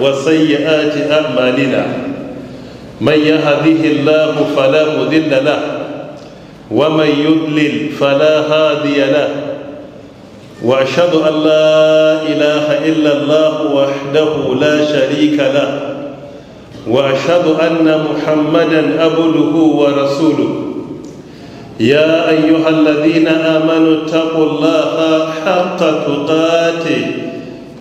وسيئات أعمالنا من يهده الله فلا مضل له ومن يضلل فلا هادي له وأشهد أن لا إله إلا الله وحده لا شريك له وأشهد أن محمدا أبده ورسوله يا أيها الذين آمنوا اتقوا الله حق تقاته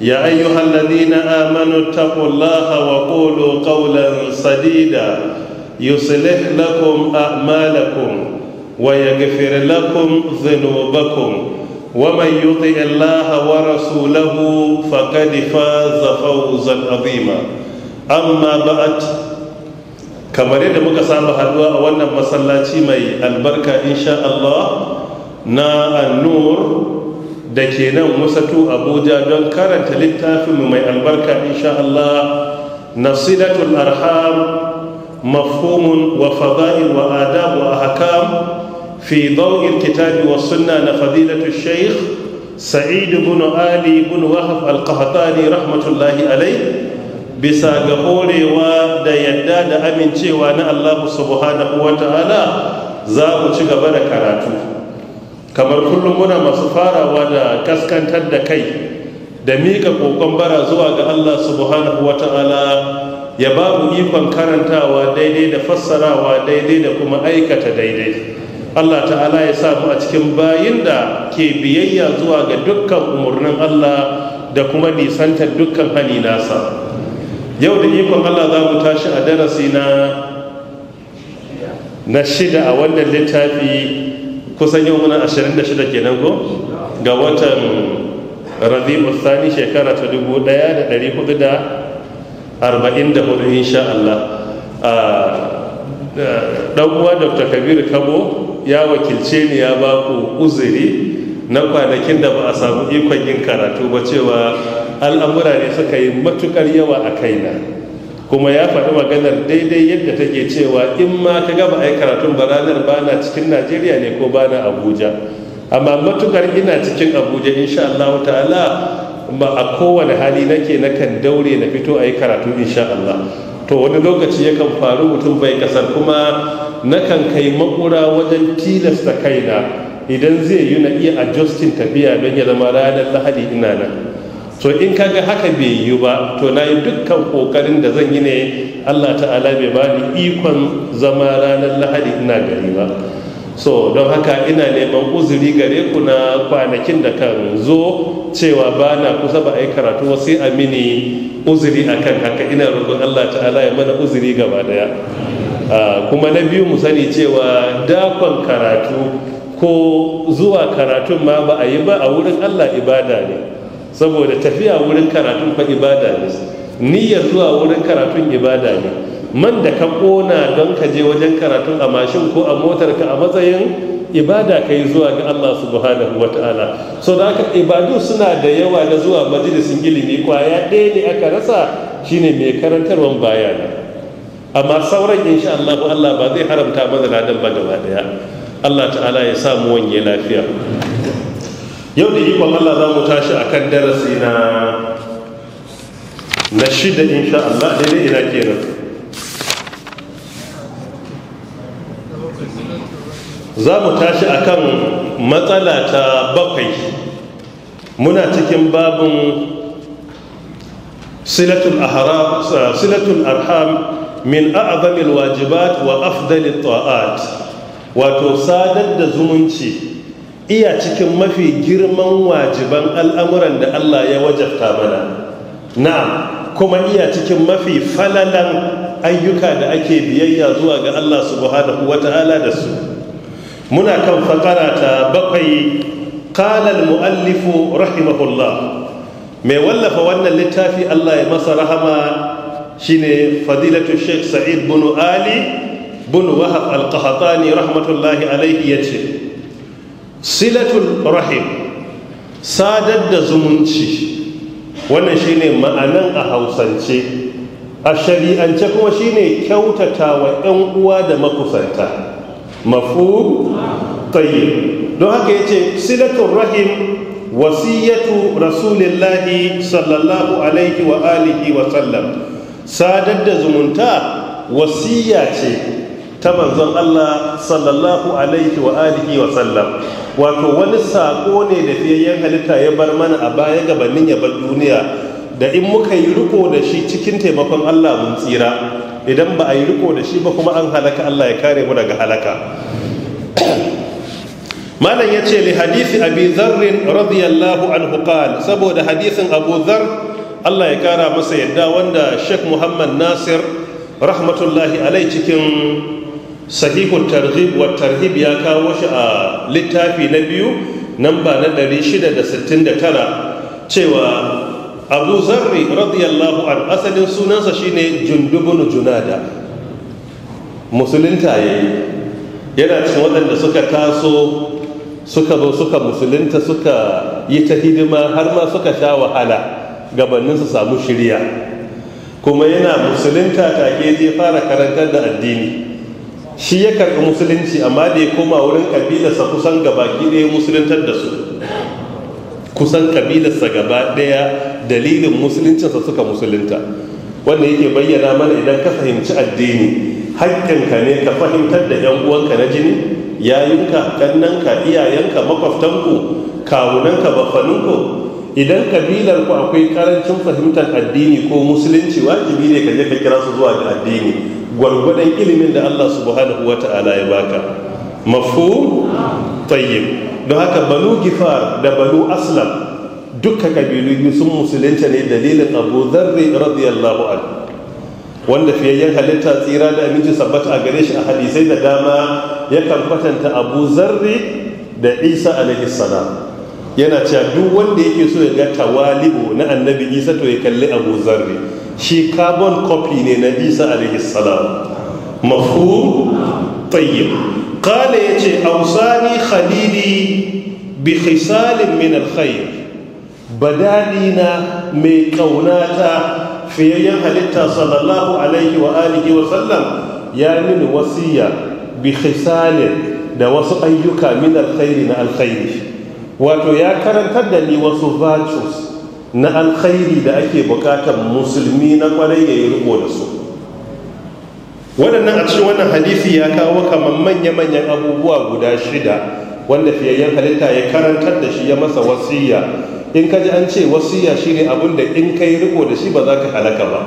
يا أيها الذين آمنوا اتقوا الله وقولوا قولا سديدا يصلح لكم أعمالكم ويغفر لكم ذنوبكم ومن يطع الله ورسوله فقد فاز فوزا عظيما أما بعد kamar yadda muka samu haduwa a wannan masallaci mai albarka insha Allah na annur da ke nan wasatu abuja don karanta littafinmu mai albarka insha Allah nasilatul arham mafhumun wa fada'il wa adab wa ahkam fi dawil kitabi wa sunna na fadilatu shaykh sa'id ibn ali ibn wahab al-qahtani rahmatullahi alai bisa ga horewa da yadda da amincewa na Allah subhanahu wa ta'ala za ku ci gaba da karatu kamar kullum muna masu farawa da kaskantar da kai da mika kokon bara zuwa ga allah subhanahu wa ta'ala ya ba mu ikon karantawa daidai da fassarawa daidai da kuma aikata daidai allah ta'ala ya samu a cikin bayin da ke biyayya zuwa ga dukkan umarnin allah da kuma nisantar dukkan hani nasa yau da ikon allah za mu tashi a darasi na na shida a wannan littafi kusan yau muna 26 kenan ko ga watan rabiu thani shekara ta 1444 insha Allah dan uwa Dr. Kabir Kabo ya wakilce ni ya ba ku uzuri na kwanakin da ba a samu ikon yin karatu ba cewa al'amura ne suka yi matukar yawa a kaina kuma ya faɗi maganar daidai yadda take cewa in ma ka gaba ai karatun ba ranar bana cikin najeriya ne ko bana abuja amma matukar ina cikin abuja insha allahu ta'ala ba a kowane hali nake kan daure na fito a yi karatu insha allah to wani lokaci ya kan faru mutum bai kasar kuma nakan kai makura wajen tilasta kaina idan zai yi na iya adjustin tafiya don ya zama ranar lahadi ina nan so in kaga haka bai yi ba to na yi dukkan kokarin da zan yi ne allah ta'ala bai ba ni ikon zama ranar lahadi ina gari ba so don haka ina neman uzuri gare ku na kwanakin da kan zo cewa ba na kusa ba a yi karatu wasu a mini uzuri akan haka ina roƙon allah ta'ala ya mana uzuri gaba daya ah, kuma na biyu mu sani cewa dakon karatu ko zuwa karatun ma ba a yi ba a wurin allah ibada ne saboda tafiya wurin karatun fa ibada ne niyyar zuwa wurin karatun ibada ne man da ka kona don ka je wajen karatun a mashin ko a motar ka a matsayin ibada ka yi zuwa ga Allah subhanahu wa ta'ala so da aka ibadu suna da yawa da zuwa majalisin ilimi kwaya ɗaya ne aka rasa shine mai karantarwan baya ne amma sauran insha Allah Allah ba zai haramta mana da ba gaba daya Allah ta'ala ya samu wanye lafiya yau da ikon Allah za mu tashi a kan darasi na na shida insha Allah daidai ina kenan za mu tashi a kan matsala ta bakwai muna cikin babin silatul arham min a'zamil wajibat wa afdalit ta'at wato sadar da zumunci iya cikin mafi girman wajiban al'amuran da Allah ya wajabta mana na kuma iya cikin mafi falalan ayyuka da ake biyayya zuwa ga Allah subhanahu ta'ala da su muna kan fakara ta bakwai ƙalal muallifu rahimahullah mai wallafa wannan littafi Allah ya masa rahama shine fadilatu Sheikh Sa'id bunu Ali bunu Wahab al rahmatullahi rahmatullahi ya ce. silatul rahim sadar da zumunci wannan shine ma'anan a hausance a shari'ance kuma shine kyautata wa 'yan uwa da makusanta mafu tsaye don haka ya ce, silatul rahim wasiyatu rasulillahi sallallahu alaihi wa alihi wa sallam sadar da zumunta wasiya ce ta manzon Allah sallallahu alaihi wa alihi wa sallam wato wani sako ne da fiyayyen halitta ya bar mana a baya gabanin ya bar duniya da in muka yi riko da shi cikin taimakon Allah mun tsira idan ba a yi riko da shi ba kuma an halaka Allah ya kare mu daga halaka malam ya ce li hadisi abi zarrin radiyallahu anhu qal saboda hadisin abu zar Allah ya kara masa yadda wanda Sheikh Muhammad Nasir rahmatullahi alai cikin sahihu tarhib wa tarhib ya kawo shi a littafi na biyu ba na 669 cewa abu zarri radiyallahu an asalin sunansa shine jundubun junada musulunta ya yi yana cikin waɗanda suka taso suka zo suka musulunta suka yi ta hidima har ma suka sha wahala gabanin su samu shirya kuma yana musulunta take je fara karantar da addini shi ya karɓi musulunci amma da ya koma wurin kabilarsa kusan gabaki ɗaya musuluntar da su kusan kabilarsa gaba ɗaya dalilin musuluncinsa suka musulunta wanda yake bayyana mana idan ka fahimci addini haƙƙinka ne ka fahimtar da 'yan uwanka na jini yayinka ƙannanka iyayenka makwabtanku kawunanka bafaninku? idan kabilar ku akwai karancin fahimtar addini ko musulunci wajibi ne ka je ka kira su zuwa ga addini gwargwadon ilimin da Allah subhanahu wa ta'ala ya baka mafu tayyib don haka banu gifar da balu aslam duka kabilu biyu sun musulunta ne dalilin abu zarri radiyallahu an wanda fiyayyen halitta tsira da aminci sabbata a gare shi a hadisai da dama yakan kwatanta abu zarri da isa alaihi salam yana cewa duk wanda yake so ya ga tawali'u na annabi isa to ya kalli abu zarri shi carbon copy ne na isa alaihissalam mafu tayyib kala ya ce ausani khalili bi khisalin min alkhair badani na mai fiye fiyayyen halitta sallallahu alaihi wa alihi wa sallam ya mini wasiya bi khisalin da wasu ayyuka min alkhairi na alkhairi wato ya karantar da ni wasu virtues na alkhairi da ake bukatar musulmi na kwarai ya yi riko da su waɗannan a cikin wannan hadisi ya kawo kamar manya-manyan abubuwa guda shida wanda fiyayyen halitta ya karantar da shi ya masa wasiya in ka ji an ce wasiya ne abin da in ka yi riko da shi ba za ka halaka ba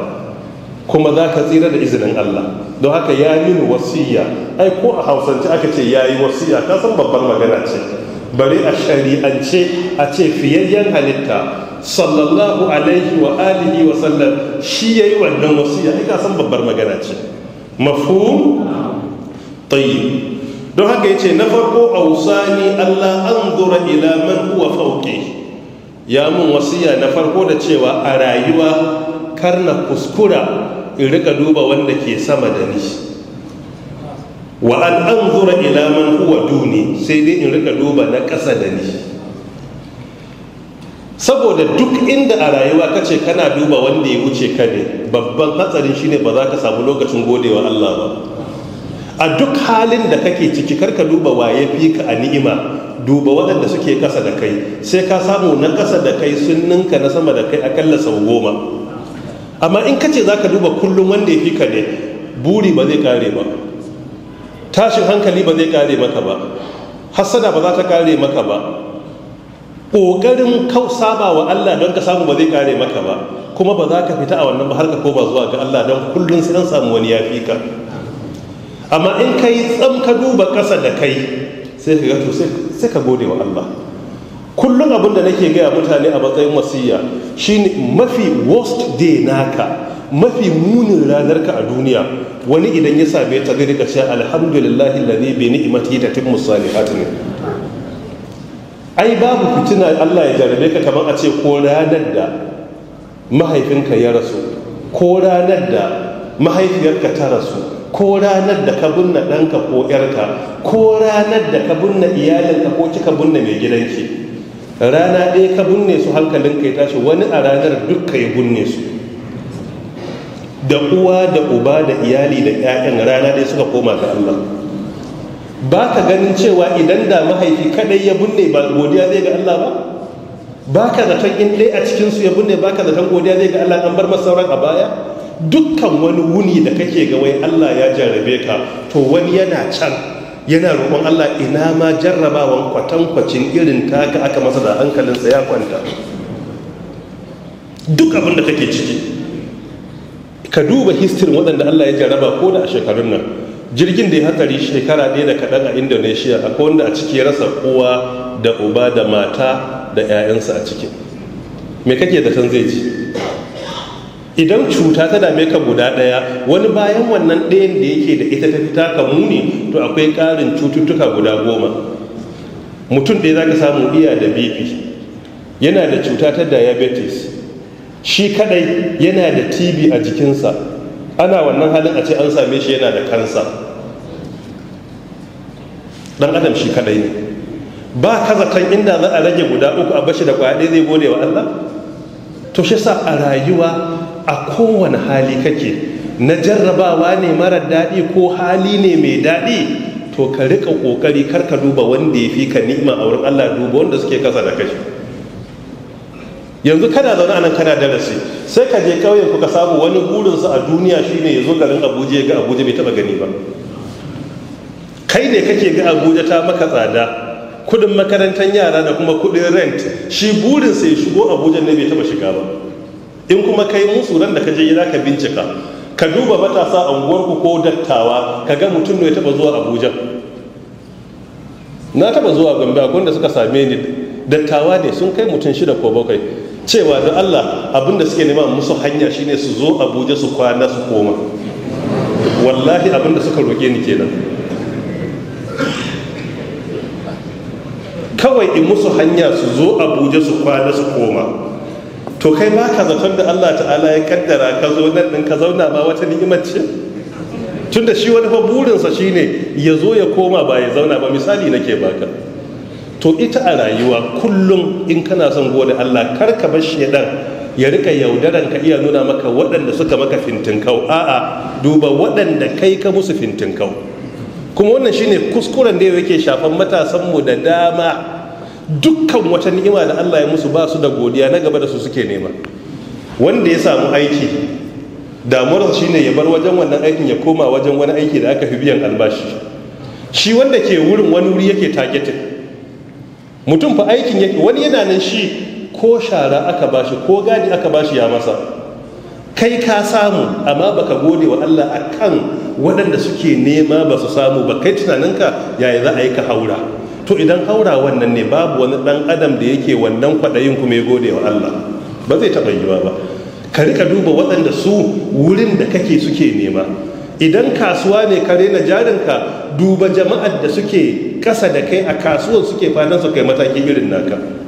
kuma za ka tsira da izinin Allah don haka ya yi ni wasiya ai ko a hausance aka ce ya yi wasiya ka san babbar magana ce bari a shari'ance a ce fiyayyen halitta sallallahu alaihi wa alihi wa sallam shi yayi wannan wasiya ai ka san babbar magana ce mafhum tayyib don haka yace na farko ausani Allah anzura ila man huwa fawqi ya mun wasiya na farko da cewa a rayuwa kar na kuskura in rika duba wanda ke sama da ni wa an anzura ila man huwa duni sai dai in rika duba na ƙasa da ni saboda duk inda a rayuwa ka ce kana duba wanda ya wuce ka ne babban hatsarin shine ba za ka samu lokacin godewa Allah ba a duk halin da kake ciki karka duba waye fi ka a ni'ima duba waɗanda suke kasa da kai sai ka samu na kasa da kai sun ninka na sama da kai akalla sau goma amma in ka ce za ka duba kullum wanda ya fi ka ne buri ba zai kare ba tashin hankali ba zai kare maka ba hassada ba za ta kare maka ba ƙoƙarin kau saba wa Allah don ka samu ba zai kare maka ba kuma ba za ka fita a wannan ba har ka ba zuwa ga Allah don kullum sai an samu wani yafi ka amma in ka yi tsam duba ƙasa da kai sai ka gato sai ka gode wa Allah kullum abin da nake gaya mutane a matsayin wasiya shine mafi worst day naka mafi munin ranar ka a duniya wani idan ya same ta zai ka cewa alhamdulillahi ladhi bi ni'matihi tatimmu salihatin ai babu fitina Allah ya jarabe ka kamar a ce ko ranar da mahaifinka ya rasu ko ranar da mahaifiyarka ta rasu ko ranar da ka bunna ɗanka ko ‘yarka ko ranar da ka bunna iyalinka ko kika bunna mai gidanki rana ɗaya ka bunne su hankalinka ya tashi wani a ranar dukka ya bunne su da uwa da uba da iyali da ‘ya'yan rana ɗaya suka koma ga Allah ba ka ganin cewa idan da mahaifi kadai ya binne ba godiya zai ga Allah ba ba ka zaton in dai a cikinsu ya binne ba ka zaton godiya zai ga Allah an bar masa sauran a baya dukkan wani wuni da kake ga wai Allah ya jarrabe ka to wani yana can yana roƙon Allah ina ma jarrabawan kwatankwacin irin taka aka masa da hankalinsa ya kwanta duk abin da kake ciki ka duba histirin waɗanda Allah ya jarraba ko da a shekarun nan jirgin da ya hatsari shekara ɗaya da kaɗan a indonesia akwai wanda a ciki ya rasa kowa da uba da mata da 'ya'yansa a ciki me kake zaton zai ci idan cuta ta dame ka guda ɗaya wani bayan wannan ɗayan da yake da ita ta fi ka muni to akwai ƙarin cututtuka guda goma mutum ɗaya za ka samu iya da bp yana da cuta ta diabetes shi kadai yana da tb a jikinsa ana wannan halin a ce an same shi yana da kansa dan adam shi kadai ne ba kazatan inda za a rage guda uku a bashi da kwaya zai gode wa Allah to shi sa a rayuwa a kowane hali kake na jarrabawa ne mara daɗi ko hali ne mai daɗi to ka riƙa ƙoƙari kar ka duba wanda ya fi ka ni'ima a wurin Allah duba wanda suke kasa da kai yanzu kana zaune anan kana darasi sai ka je ƙauyen ku ka samu wani burinsa a duniya shine ya zo garin Abuja ya ga Abuja bai taɓa gani ba kai ne kake ga abuja ta maka tsada kudin makarantar yara da kuma kudin rent shi burin sai shigo abuja ne bai taba shiga ba in kuma kai musu ran da kaje je gida ka bincika ka duba matasa a unguwarku ko dattawa ka ga mutum ne ya taba zuwa abuja na taba zuwa gombe wanda suka same ni dattawa ne sun kai mutum shida ko bakwai cewa da allah abinda suke nema musu hanya shine su zo abuja su kwana su koma wallahi abinda suka roke ni kenan kawai in musu hanya su zo abuja su kwana su koma to kai ba ka zaton da allah ta'ala ya kaddara ka zo nan din ka zauna ba wata ni'imar ce tun da shi wani fa burinsa shine ya zo ya koma ba ya zauna ba misali nake baka to ita a rayuwa kullum in kana son gode allah kar ka bar shedan ya rika yaudaran ka iya nuna maka waɗanda suka maka fintinkau a'a duba waɗanda kai ka musu fintinkau kuma wannan shine kuskuren da yake shafan mu da dama dukkan wata ni'ima da Allah ya musu ba su da godiya na gaba da su suke nema wanda ya samu aiki damuwarsa shine ya bar wajen wannan aikin ya koma wajen wani aiki da aka fi biyan albashi shi wanda ke wurin wani wuri yake targeting mutum fa aikin yake wani yana nan shi ko shara aka bashi ko gadi aka bashi ya masa kai ka samu amma baka gode wa Allah a kan waɗanda suke nema ba su samu ba kai tunaninka yaya za a yi ka haura to idan haura wannan ne babu wani ɗan adam da yake wannan kwaɗayin kuma ya gode wa Allah ba zai taɓa yiwa ba ka rika duba waɗanda su wurin da kake suke nema idan kasuwa ne ka rena jarinka duba jama'ar da suke ƙasa da kai a kasuwar suke fatan su kai mataki irin naka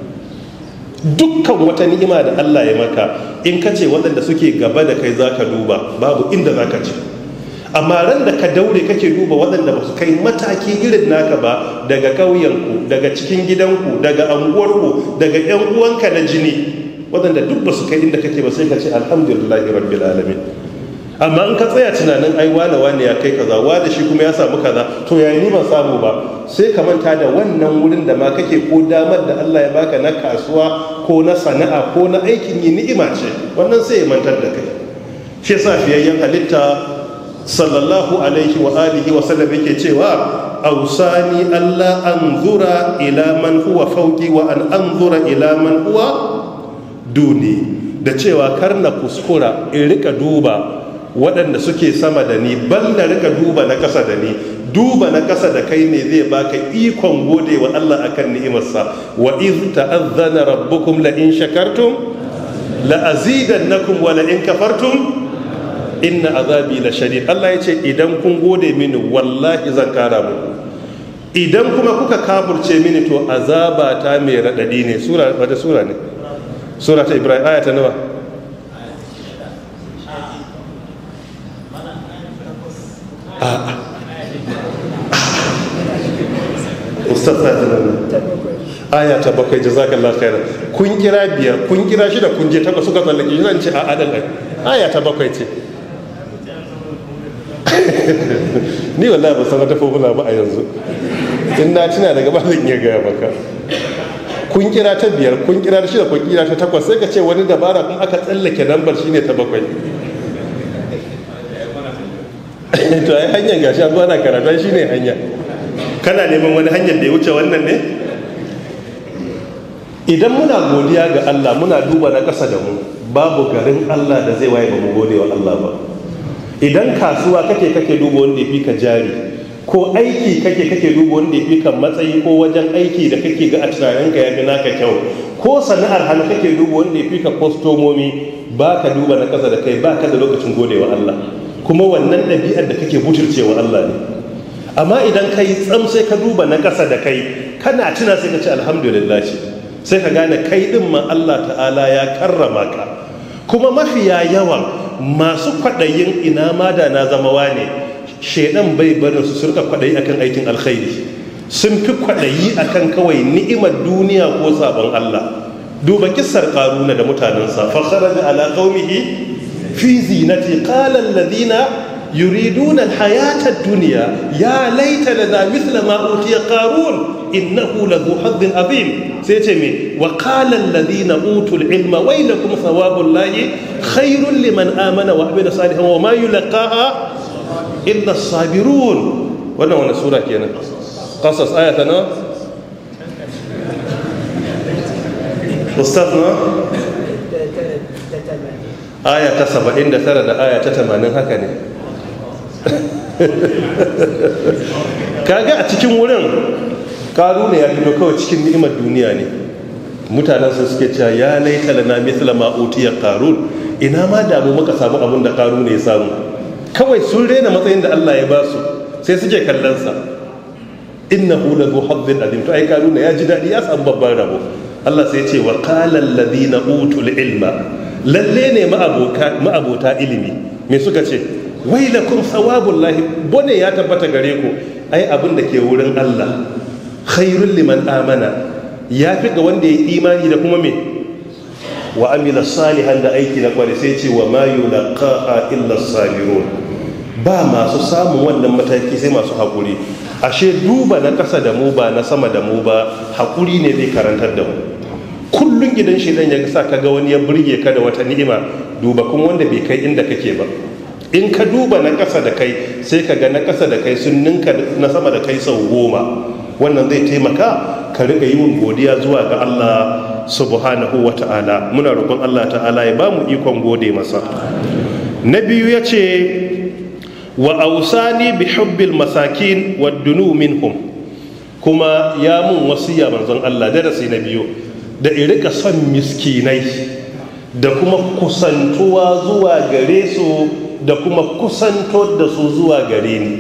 dukkan wata ni'ima da Allah ya maka in ka ce waɗanda suke gaba da kai za ka duba babu inda za ka ce amma ran da ka daure kake duba waɗanda ba su kai mataki irin naka ba daga ƙauyenku daga cikin gidanku daga anguwarku daga 'yan uwanka na jini waɗanda duk ba su kai inda kake ba sai ka ce alhamdulillahi rabbil alamin amma in ka tsaya tunanin ai wane wane ya kai kaza wa da shi kuma ya samu kaza to yayin ni ban samu ba sai ka manta da wannan wurin da ma kake ko damar da Allah ya baka na kasuwa ko na sana'a ko na aikin yi ni'ima ce wannan sai ya mantar da kai shi yasa fiyayyen halitta sallallahu alaihi wa alihi wa sallam yake cewa awsani Allah anzura ila man huwa fawqi wa an anzura ila man huwa duni da cewa kar na kuskura in rika duba waɗanda suke sama da ni bal na rika duba na ƙasa da ni duba na ƙasa da kai ne zai baka ikon gode wa Allah akan ni'imarsa wa iz ta'azzana rabbukum la in shakartum la azidannakum wa la in kafartum inna azabi la shadid Allah ya ce idan kun gode mini wallahi zan kara muku idan kuma kuka kafurce mini to azaba ta mai radadi ne sura wata sura ne sura ta Ibrahim aya nawa mustasa aya ta bakwai jazakallah khairan kun kira biyar kun kira shida kun je takwas suka tsallake shi zan ce a adal aya ta bakwai ce ni wallahi ba san wata formula ba a yanzu in na tuna daga ba zan iya gaya maka kun kira ta biyar kun kira ta shida kun kira ta takwas sai ka ce wani dabara kun aka tsallake lambar shine ta bakwai to ai hanyar gashi an zo ana karatu shine hanya kana neman wani hanyar da ya wuce wannan ne idan muna godiya ga Allah muna duba na ƙasa da mu babu garin Allah da zai waye ba mu gode wa Allah ba idan kasuwa kake kake duba wanda ya fi ka jari ko aiki kake kake duba wanda ya fi ka matsayi ko wajen aiki da kake ga a tunaninka ya fi naka kyau ko sana'ar hannu kake duba wanda ya fi ka kwastomomi ba ka duba na ƙasa da kai ba ka da lokacin gode wa Allah kuma wannan ɗabi'ar da kake butulcewa Allah ne amma idan ka yi tsam sai ka duba na ƙasa da kai kana tuna sai ka ce alhamdulillah sai ka gane kai ɗin ma Allah ta'ala ya karrama ka kuma mafiya yawan masu kwaɗayin ina ma da na zama ne. shaidan bai barin su surka kwaɗayi akan aikin alkhairi sun fi kwaɗayi akan kawai ni'imar duniya ko sabon Allah duba kissar karuna da mutanensa fa kharaja ala qaumihi fi zinati qala alladhina Yuridunan alhayata duniya ya laita lana mithla ma karu qarun innahu ladhu hadhin azim sai ce me wa qala alladhina utul ilma waylakum thawabu llahi khairul liman amana wa amila salihan wa ma yulqaha illa as wannan wannan sura kenan qasas ayatana aya ta da aya ta haka ne Ka ga a cikin wurin karu ne ya fito kawai cikin ni'imar duniya ne mutanen sun suke cewa ya laita lana mithla ma utiya qarun ina ma damu muka samu abin da karu ne ya samu kawai sun rena matsayin da Allah ya ba su sai suke kallon sa innahu lahu haddin adim to ai karu ne ya ji daɗi ya samu babban rabo Allah sai ya ce wa qala alladhina utul ilma lalle ne ma'abota ilimi me suka ce wai kun thawabul lahi bone ya tabbata gare ku ai abin da ke wurin Allah khairul liman amana ya fi ga wanda ya imani da kuma me wa amila salihan da aiki na kwari sai ce wa ma yulqaha illa saliro. ba masu samun wannan mataki sai masu hakuri ashe duba na kasa da mu ba na sama da mu ba hakuri ne zai karantar da mu Kullum gidan shi dan ya sa ka ga wani ya burge ka da wata ni'ima duba kuma wanda bai kai inda kake ba in ka duba na ƙasa da kai sai ka ga na ƙasa da kai sun ninka na sama da kai sau goma wannan zai taimaka ka riƙa yi godiya zuwa ga Allah subhanahu wa ta'ala muna roƙon Allah ta'ala ya ba mu ikon gode masa na biyu ya ce wa ausani bi hubbil masakin wa dunu minhum kuma ya mun wasiya manzon Allah darasi na biyu da irika son miskinai da kuma kusantuwa zuwa gare su da kuma kusanto da su zuwa gare ni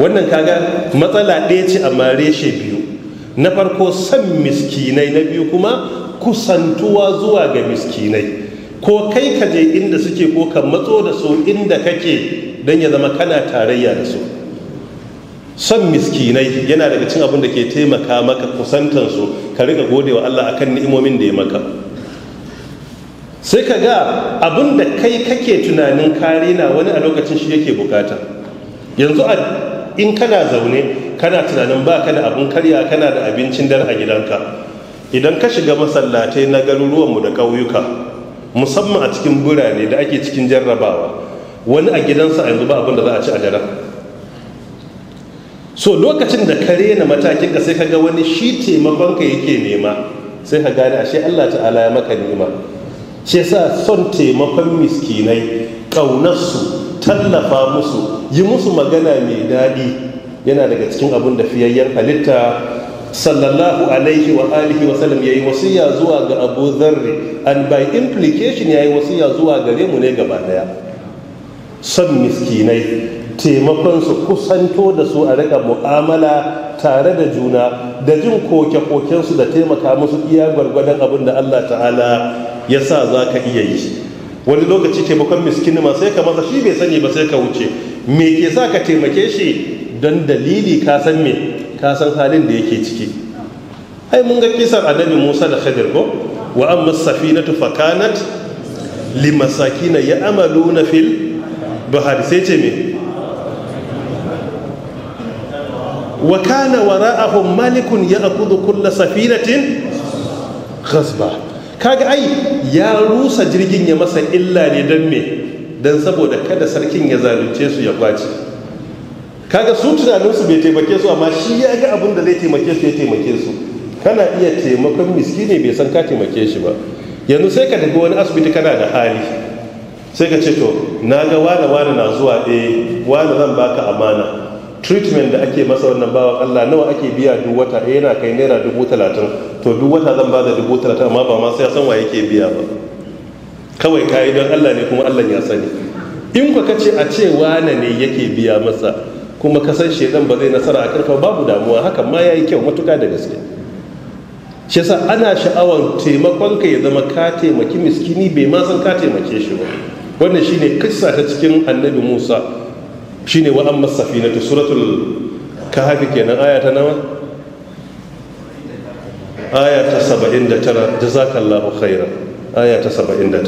wannan kaga matsala ɗaya ce amma reshe biyu na farko san miskinai na biyu kuma kusantuwa zuwa ga miskinai ko kai ka je inda suke ko ka matso da su inda kake don ya zama kana tarayya da su son miskinai yana daga cin abin da ke taimaka maka kusantansu ka riga gode wa Allah akan ni'imomin da ya maka sai ka ga abin da kai kake tunanin kare na wani a lokacin shi yake bukata yanzu in kana zaune kana tunanin ba ka da abin karya kana da abincin dare a gidanka idan ka shiga masallatai na garuruwanmu da ƙauyuka musamman a cikin birane da ake cikin jarrabawa wani a gidansa a yanzu ba abin da za a ci a daren so lokacin da ka rena matakin ka sai ka ga wani shi taimakon ka yake nema sai ka gane ashe Allah ta'ala ya maka nema. shi yasa son taimakon miskinai ƙaunarsu tallafa musu yi musu magana mai daɗi yana daga cikin abin da fiyayyen halitta sallallahu alaihi wa alihi wa sallam yayi wasiya zuwa ga Abu Dharr and by implication yayi wasiya zuwa gare mu ne gaba daya son miskinai taimakon su kusanto da su a rika mu'amala tare da juna da jin koke-koken su da taimaka musu iya gwargwadon abin da Allah ta'ala ya sa za ka iya yi wani lokaci taimakon miskini ma sai ka masa shi bai sani ba sai ka wuce me ke sa ka taimake shi don dalili ka san me ka san halin da yake ciki ai mun ga kisan annabi Musa da Khadir ko wa amma safinatu fakanat limasakina na fil bahari sai ce me wa kana wara'ahum malikun ya'khudhu kulla safinatin ghasba kaga ai ya rusa jirgin ya masa illa ne dan me dan saboda kada sarkin ya zalunce su ya kwace? kaga su tunaninsu bai taimake su amma shi ya ga abin da zai taimake su ya taimake su kana iya taimakon miskini bai san ka taimake shi ba yanzu sai ka tafi wani asibiti kana da hali sai ka ce to na ga wane wane na zuwa ɗaya eh, wane zan baka amana treatment da ake masa wannan bawa Allah nawa ake biya duk wata eh, yana kai naira dubu talatin to duk wata zan ba da dubu talatin amma ba ma sai san wa yake biya ba kawai kayi don Allah ne kuma Allah ya sani in ka ce a ce wane ne yake biya masa kuma ka san shedan ba zai nasara a karfa babu damuwa Haka ma yayi kyau matuka da gaske shi yasa ana sha'awar taimakon ka ya zama ka taimaki miskini bai ma san ka taimake shi ba wannan shine kissa ta cikin annabi Musa shine wa amma safinatu suratul Kahafi kenan aya ta nawa aya ta 79 jazakallahu khairan aya ta 79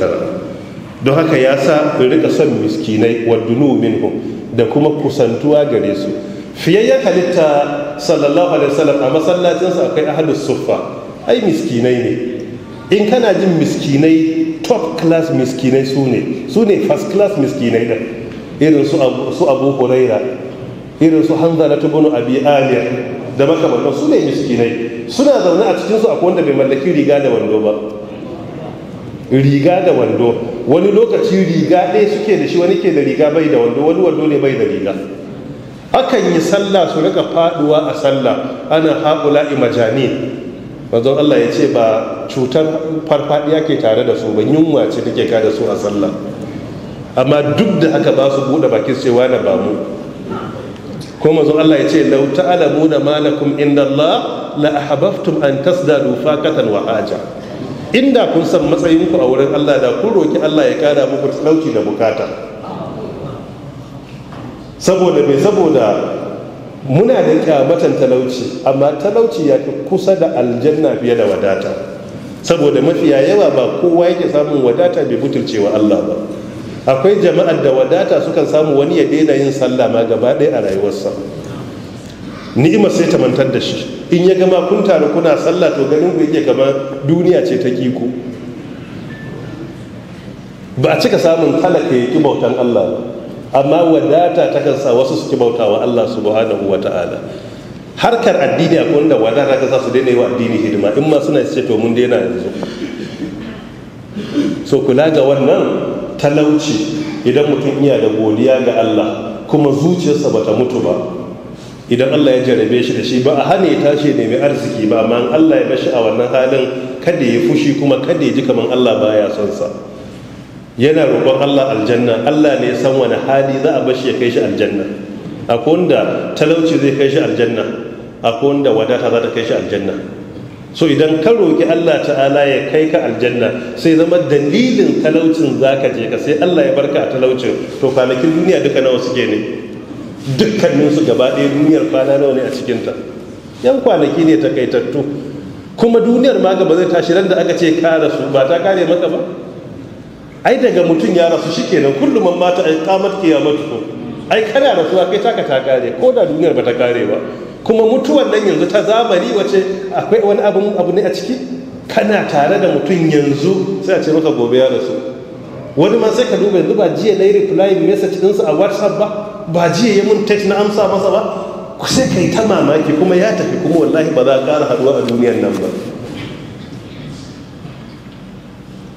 don haka ya sa in rika son miskinai wa dunu hu da kuma kusantuwa gare su fiyayyen halitta sallallahu alaihi wasallam a masallacinsa akwai ahlus suffa ai miskinai ne in kana jin miskinai top class miskinai su ne su ne first class miskinai da. irin su abu huraira irin su hanzala na bunu abi aliyar da makamantan su ne miskinai suna zaune a cikinsu a wanda bai mallaki riga da wando ba riga da wando wani lokaci riga ɗaya suke da shi wani ke da riga bai da wando wani wando ne bai da riga akan yi sallah su rika faduwa a sallah ana haƙula imajani wanzan allah ya ce ba cutar farfadiya ke tare da su ba yunwa ce ke ka da su a sallah amma duk da aka ba su buɗe bakin cewa na ba mu ko mazo Allah ya ce lau ta'lamu na malakum inda Allah la ahabbtum an tasdadu faqatan wa haja inda kun san ku a wurin Allah da kun roki Allah ya kara muku talauci da bukata saboda me saboda muna da kyamatan talauci amma talauci ya fi kusa da aljanna fiye da wadata saboda mafiya yawa ba kowa yake samun wadata bai mutuncewa Allah ba akwai jama'ar da wadata sukan samu wani ya daina yin sallah ma gaba ɗaya a rayuwarsa ni'imar sai ta mantar da shi in ya gama kun taru kuna sallah to ganin ku yake gama duniya ce ta kiko ba a cika samun talaka ya ki bautan Allah amma wadata ta kan sa wasu su ki bauta wa Allah subhanahu wa ta'ala harkar addini a wanda wadata ta sa su daina yi wa addini hidima in ma suna ce to mun daina yanzu so kula ga wannan talauci idan mutum iya da godiya ga Allah kuma zuciyarsa bata mutu ba idan Allah ya jarabe shi da shi ba a hane tashi ne mai arziki ba amma Allah ya bashi a wannan halin kada ya fushi kuma kada ya ji kamar Allah baya son sa yana roƙon Allah aljanna Allah ne ya san wani hali za a bashi ya kai shi aljanna akwai wanda talauci zai kai shi aljanna akwai wanda wadata za ta kai shi aljanna so idan ka roƙi Allah ta'ala ya kai ka aljanna sai zama dalilin talaucin zaka je ka sai Allah ya barka a talaucin to kwanakin duniya duka nawa suke ne dukkanin su gaba ɗaya duniyar kwana nawa ne a cikin ta yan kwanaki ne takaitattu kuma duniyar ma gaba zai tashi ran da aka ce ka rasu ba ta kare maka ba ai daga mutum ya rasu shikenan kullum mata ai kiyamatu ko ai kana rasuwa kai taka ta kare ko da duniyar ba ta kare ba kuma mutuwan nan yanzu ta zamani wace akwai wani abu ne a ciki kana tare da mutum yanzu sai a ce maka gobe ya rasu wani ma sai ka duba yanzu ba jiya na yi reply message ɗinsa a whatsapp ba ba jiya ya mun text na amsa masa ba sai ka yi ta mamaki kuma ya tafi kuma wallahi ba za a ƙara haduwa a duniyar nan ba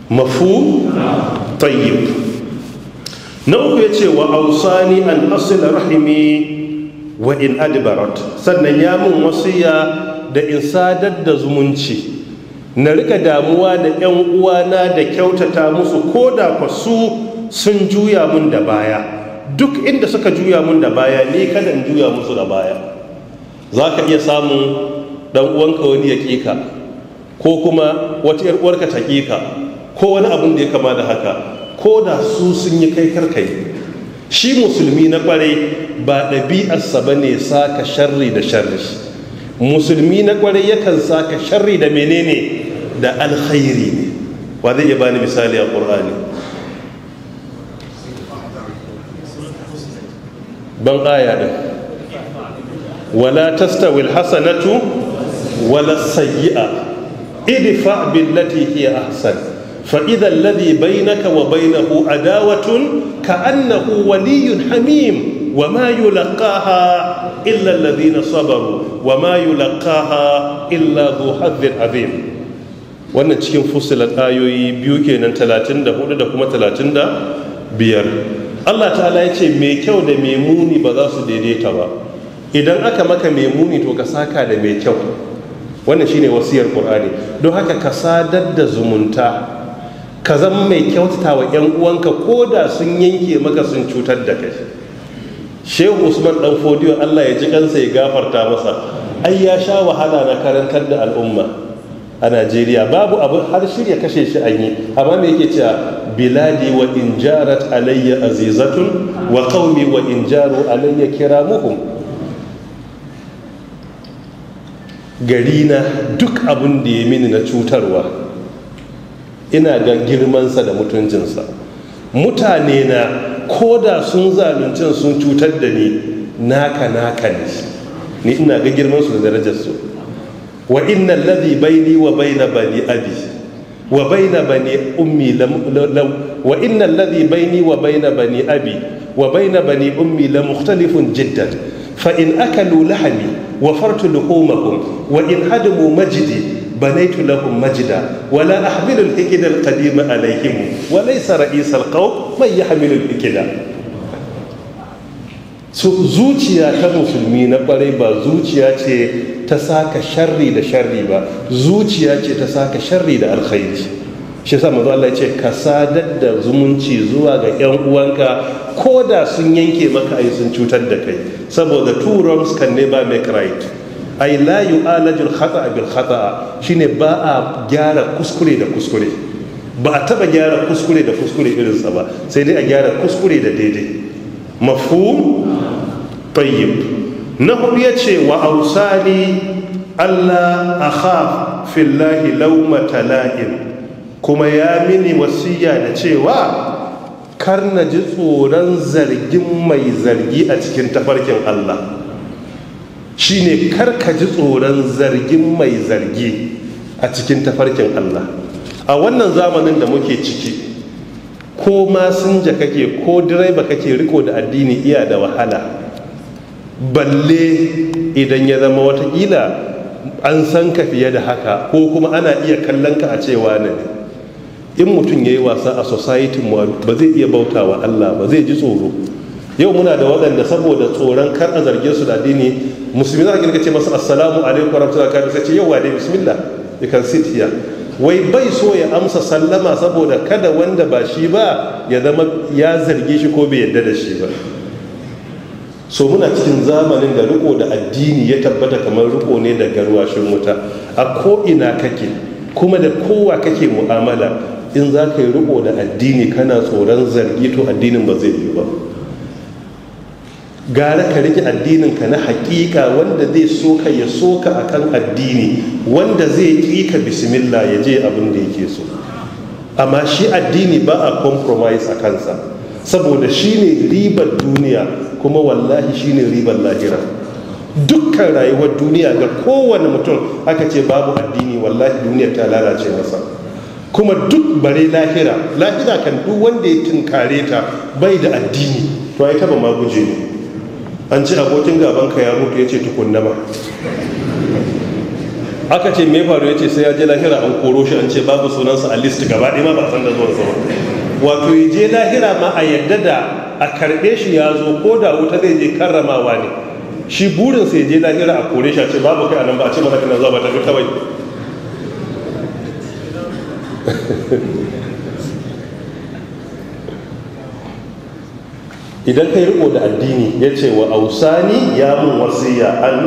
mafu tayyib na uku ya ce wa ausani an asila rahimi wa in adbarat sannan ya mun wasiya da in sadar da zumunci na rika damuwa da 'yan uwana da kyautata musu ko da kwa su sun juya mun da baya duk inda suka juya mun da baya ni kada in juya musu da baya za ka iya samun dan uwanka wani ya ƙika ko kuma wata 'yar uwarka ta ƙika ko wani abin da ya kama da haka ko da su sun yi kai karkai shi musulmi na kwarai ba ɗabi'arsa ba ne saka sharri da sharri musulmi na kwarai yakan saka sharri da menene da alkhairi ne wa zai iya bani misali a ƙur'ani ban aya ɗin wala tastawil hasanatu wala sayi'a idfa billati hiya ahsan fa idha alladhi bainaka wa bainahu adawatun ka'annahu waliyyun hamim wa ma yulaqaha illa alladhina sabaru wa ma yulaqaha wannan cikin fusilat ayoyi biyu kenan 34 da kuma 35 Allah ta'ala ya ce mai kyau da mai muni ba za su daidaita ba idan aka maka mai muni to ka saka da mai kyau wannan shine wasiyar qur'ani don haka ka sadar da zumunta ka zan mai kyautata wa 'yan uwanka ko da sun yanke maka sun cutar da kai shehu usman dan fodiyo allah ya ji kansa ya gafarta masa ai ya sha wahala na karantar da al'umma a najeriya babu abu har shirya kashe shi an yi amma me yake cewa biladi wa in jarat alayya azizatun wa qaumi wa in jaru alayya kiramuhum garina duk abin da ya mini na cutarwa ina ga girmansa da mutuncinsa mutane na ko da sun zaluncin sun cutar da ni naka naka ne ni ina ga girmansu da darajarsu wa inna alladhi baini wa baina bani abi wa baina bani ummi lam wa inna alladhi baini wa baina bani abi wa baina bani ummi la mukhtalifun jiddan fa in akalu lahmi wa fartu luhumahum wa in hadamu majdi banaitu lahum majida wala ahmilu al-hikida al-qadim alaihim wa laysa ra'is al-qawm man yahmilu al-hikida so zuciya ta musulmi na kwarai ba zuciya ce ta saka sharri da sharri ba zuciya ce ta saka sharri da alkhairi shi sa manzo Allah ya ka sadar da zumunci zuwa ga yan uwanka ko da sun yanke maka ai sun cutar da kai saboda two wrongs can never make right ay la yu'alajul khata'a bil khata'a shine ba a gyara kuskure da kuskure ba a taba gyara kuskure da kuskure irinsa ba sai dai a gyara kuskure da daidai mafhum tayyib na hudu yace wa ausani Allah akhaf fillahi Laumatal'a'in, kuma ya mini wasiya da cewa kar na ji tsoron zargin mai zargi a cikin tafarkin Allah shine ka ji tsoron zargin mai zargi a cikin tafarkin Allah a wannan zamanin da muke ciki ko masinja kake ko direba kake riko da addini iya da wahala balle idan ya zama watakila an san ka fiye da haka ko kuma ana iya kallon ka a cewa ne in mutum ya yi wasa a society ba zai iya bautawa Allah ba zai ji tsoro yau muna da waɗanda saboda tsoron kar a zarge su da addini musulmi za ka ce masa assalamu alaikum wa wabarakatuh sai ce yawa dai bismillah you can sit here wai bai so ya amsa sallama saboda kada wanda ba shi ba ya zama ya zarge shi ko bai yarda da shi ba so muna cikin zamanin da riko da addini ya tabbata kamar riko ne da garwashin wuta a ko ina kake kuma da kowa kake mu'amala in za ka yi riko da addini kana tsoron zargi to addinin ba zai yi ba gara ka rike addininka na hakika wanda zai soka ya soka akan addini wanda zai kika bismillah ya je abin da yake so amma shi addini ba a compromise a kansa saboda shi ne ribar duniya kuma wallahi shi ne ribar lahira dukkan rayuwar duniya ga kowane mutum aka ce babu addini wallahi duniya ta lalace masa kuma duk bare lahira lahira kan duk wanda ya tunkare ta bai da addini to ai taba ma maguje ne an ci abokin gaban ka ya mutu ya ce tukunna ba aka ce me faru ya ce sai ya je lahira an koro shi an ce babu sunansa a list gaba ɗaya ma ba san da zuwa zuwa wato ya je lahira ma a yadda da a karɓe shi ya zo ko da wuta zai je karramawa ne shi burin sai je lahira a kore shi a ce babu kai anan ba a ce masa kana zuwa ba fi kawai idan ka yi riko da addini ya ce wa ausani ya mun wasiya an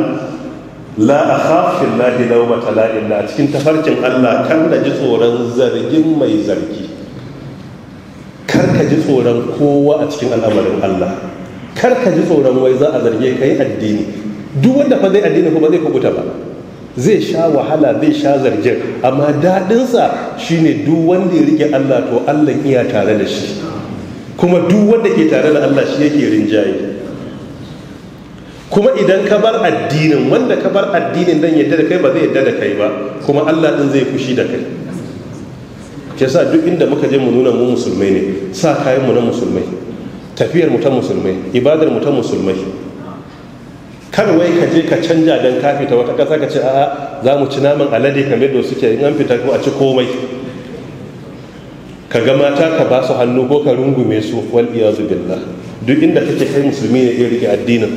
la a hafin lahi laumata la'illa cikin tafarkin allah kan da ji tsoron zargin mai zargi kar ka ji tsoron kowa a cikin al'amarin allah kar ka ji tsoron wai za a zarge ka yi addini duk wanda fa zai addini ko ba zai kubuta ba zai sha wahala zai sha zargin amma daɗinsa shine duk wanda ya rike allah to allah iya tare da shi kuma duk wanda ke tare da Allah shi yake rinjaye kuma idan ka bar addinin wanda ka bar addinin dan yadda da kai ba zai yadda da kai ba kuma Allah din zai fushi da kai ke sa duk inda muka je mu nuna mu musulmai ne sa kayan mu na musulmai tafiyar mu ta musulmai ibadar mu ta musulmai kar wai ka je ka canja dan ka fita wata kasa ka ce a'a za mu ci naman alade kamar da suke in an fita ko a ci komai ka ga mata ka ba su hannu ko ka rungume su wal iyazu billah duk inda kake kai musulmi ne ya rike addinin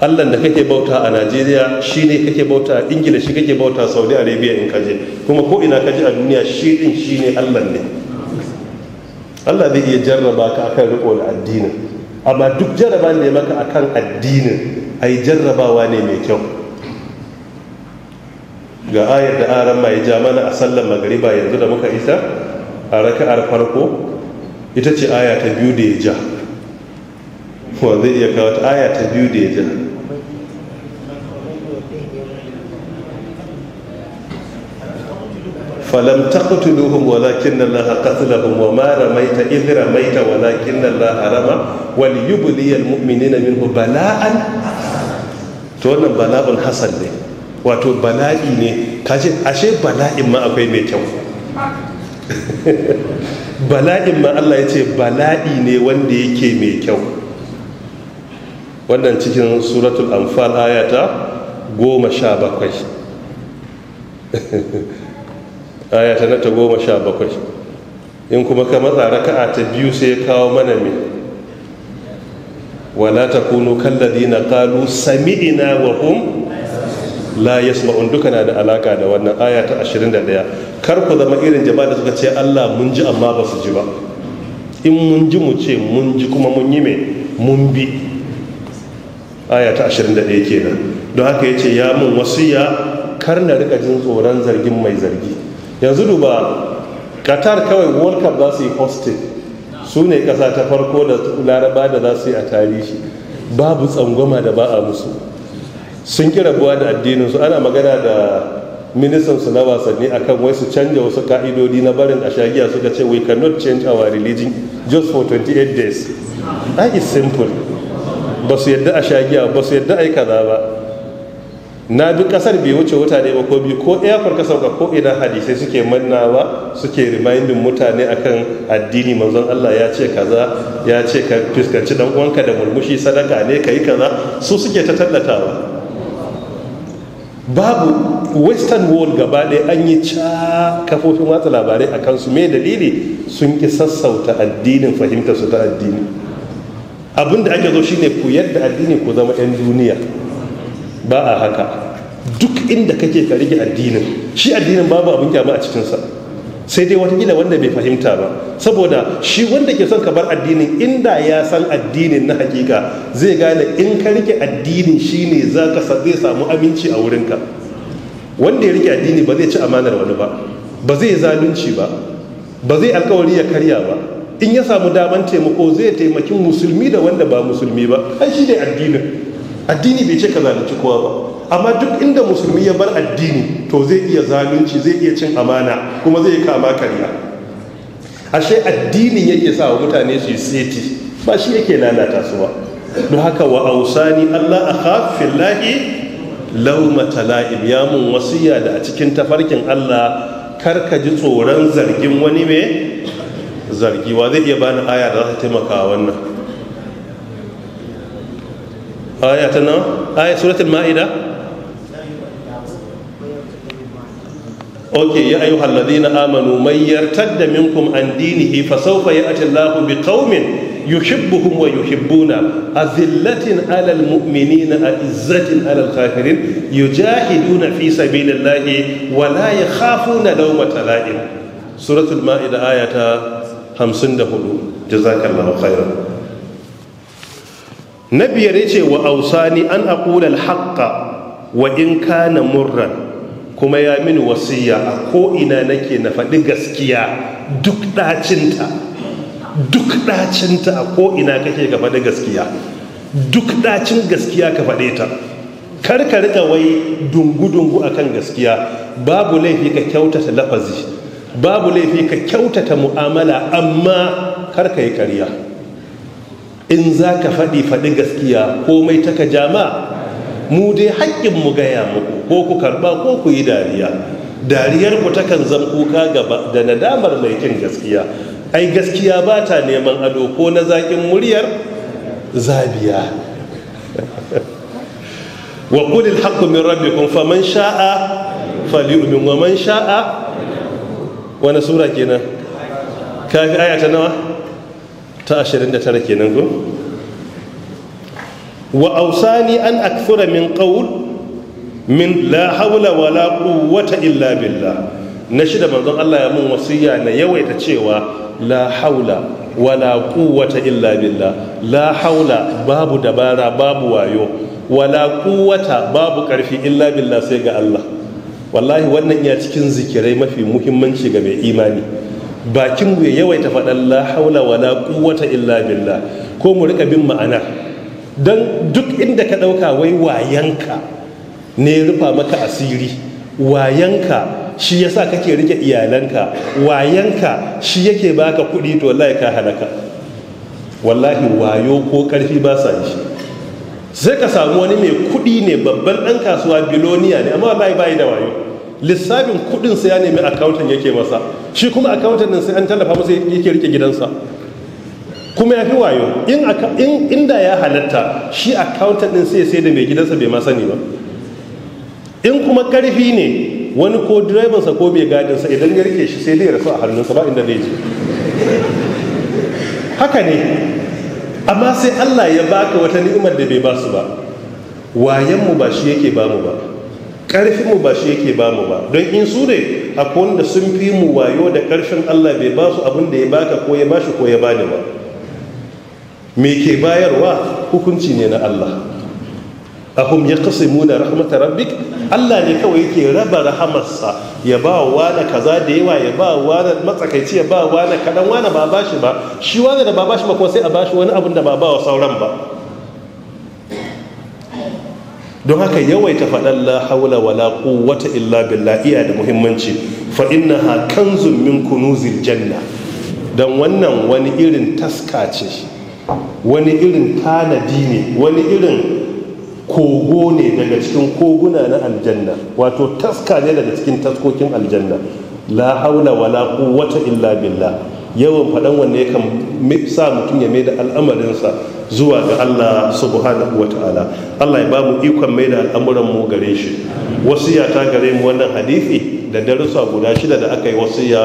Allah da kake bauta a Najeriya shi ne kake bauta a Ingila shi kake bauta a Saudi Arabia in kaje kuma ko ina kaje a duniya shi din shi ne Allah ne Allah zai iya jarraba ka akan riko da addinin amma duk jarraban da ya maka akan addinin ai jarrabawa ne mai kyau ga ayar da aran mai ja mana a sallar magariba yanzu da muka isa a raka'ar farko ita ce aya ta biyu da ya ja wa zai iya kawo ta aya ta biyu da ya ja falam taqtuluhum walakin Allah qatlahum wa ma ramaita idh ramaita walakin Allah rama wal yubli al mu'minina minhu bala'an to wannan bala'un hasan ne wato bala'i ne kaje ashe bala'in ma akwai mai kyau bala'in ma Allah ya ce bala'i ne wanda yake mai kyau wannan cikin suratul anfal ayata goma sha bakwai ayata na ta goma sha bakwai in kuma ka matsa raka'a ta biyu sai kawo mana mai wala ta kallari na kalu sami'ina wa hum la yasma'un duka na da alaka da wannan aya ta 21 kar ku zama irin jama'a da suka ce Allah mun ji amma ba su ji ba in mun ji mu ce mun ji kuma mun yi me mun bi aya ta 21 kenan don haka yace ya mun wasiya kar na rika jin tsoron zargin mai zargi yanzu duba Qatar kawai World Cup za su yi hosting su ne kasa ta farko da laraba da za su yi a tarihi babu tsangwama da ba a musu sun ƙi rabuwa da addininsu ana magana da ministansu na wasanni akan wai su canja wasu ka'idodi na barin a shagiya suka ce we cannot change our religion just for 28 days that is simple ba su yadda a shagiya ba su yadda aika kaza ba na bi kasar bai wuce wuta ne ba ko biyu ko airport farka sauka ko idan hadisai suke mannawa suke reminding mutane akan addini manzon Allah ya ce kaza ya ce ka fuskanci dan uwanka da murmushi sadaka ne ka kai kaza su suke ta tallatawa babu western world gaba ɗaya an yi ca kafofin watsa labarai a kansu mai dalili sun ki sassauta addinin fahimtar su ta addini da ake zo shine ku yadda addini ku zama 'yan duniya ba a haka duk inda kake ka rige addinin shi addinin babu abin kyama a cikinsa sai dai wata gina wanda bai fahimta ba saboda shi wanda ke son ka bar addinin inda ya san addinin na hakika zai gane in ka rike addinin shine za ka zai samu aminci a wurinka wanda ya rike addini ba zai ci amanar wani ba ba zai zalunci ba ba zai alkawari ya karya ba in ya samu daman taimako zai taimaki musulmi da wanda ba musulmi ba ai shi ne addinin addini bai ce ka zalunci kowa ba amma duk inda musulmi ya bar addini to zai iya zalunci zai iya cin amana kuma zai kama karya ashe addinin yake sa wa mutane su seti ba shi yake lalata su ba don haka wa ausani Allah a hafin lahi laumata la'im ya mun wasiya da a cikin tafarkin Allah karka ji tsoron zargin wani mai zargi wa zai iya bani aya da za ta taimaka wannan aya ta nan aya suratul ma'ida ok ya ayyuhal ladina amanu man yartadda minkum an dinihi fa sawfa ya'ti Allahu bi qaumin yuhibbuhum wa yuhibbuna azillatin 'alal mu'minina a'izzatin 'alal kafirin yujahiduna fi sabilillahi wa la yakhafuna lawmata la'im suratul ma'ida ayata 54 jazakallahu khairan na biyar ya wa ausani an aqula alhaqqa wa in kana murran kuma ya mini wasiya a ko'ina nake na faɗi gaskiya duk ɗacinta duk ɗacinta a ko'ina kake ka faɗi gaskiya duk ɗacin gaskiya ka faɗe ta karka rika wai dungu-dungu a kan gaskiya babu laifi ka kyautata lafazi babu laifi ka kyautata mu'amala amma karka yi karya in za ka faɗi faɗi gaskiya komai ta ka jama mu dai haƙƙin mu gaya muku ko ku karba ko ku yi dariya dariyar ku takan zan kuka gaba da nadamar mai kin gaskiya ai gaskiya ba ta neman ado ko na zaƙin muryar zabiya wa qulil haqqu min rabbikum faman sha'a falyu'min wa man sha'a wani sura kenan kafi aya ta nawa ta 29 kenan ko wa ausani an akthura min qawl min la haula wala quwwata illa billah na shida manzon Allah ya mun wasiya na yawaita cewa la haula wala quwwata illa billah la haula babu dabara babu wayo wala quwwata babu karfi illa billah sai ga Allah wallahi wannan ya cikin zikirai mafi muhimmanci ga mai imani bakin mu ya yawaita faɗan la haula wala quwwata illa billah ko mu rika bin ma'ana dan duk inda ka ɗauka wai wayanka ne rufa maka asiri wayanka shi ya sa kake rike iyalanka wayanka shi yake baka kuɗi to wallahi ka halaka wallahi wayo ko ƙarfi ba sa yi shi sai ka samu wani mai kuɗi ne babban ɗan kasuwa biloniya ne amma wallahi bayi da wayo lissafin kuɗin sai ya nemi akawuntan yake masa shi kuma akawuntan din sai an tallafa masa yake rike gidansa kuma ya fi wayo in inda ya halatta shi akawuntan din sai sai da mai gidansa bai ma sani ba in kuma karfi ne wani ko direbansa ko mai gadinsa idan ya rike shi sai dai rasu a hannunsa ba inda zai je haka ne amma sai allah ya baka wata ni'imar da bai basu ba wayanmu ba shi yake bamu ba ƙarfinmu ba shi yake bamu ba don in su ne akwai wanda sun fi mu wayo da ƙarfin allah bai basu abin da ya baka ko ya bashi ko ya bani ba me ke bayarwa hukunci ne na allah ahum ya kasimuna rahmatar rabbik Allah ne kawai yake raba rahamarsa ya ba wa na kaza da yawa ya ba wa na matsakaici ya ba wa na kaɗan wa na ba ba shi ba shi wa da ba ba shi ba kuma sai a ba shi wani abin da ba ba wa sauran ba don haka yawaita faɗan la haula wala quwwata illa billah iya da muhimmanci fa innaha kanzun min kunuzil janna dan wannan wani irin taska ce wani irin tanadi ne wani irin kogo ne daga cikin koguna na aljanna wato taska ne daga cikin taskokin aljanna la haula wa la quwwata illa billah yawan faɗan wanne yakan sa mutum ya mai da al'amarinsa zuwa ga Allah subhanahu wa ta'ala Allah ya ba mu ikon mai da mu gare shi wasiya ta gare mu wannan hadithi da darussa guda shida da aka yi wasiya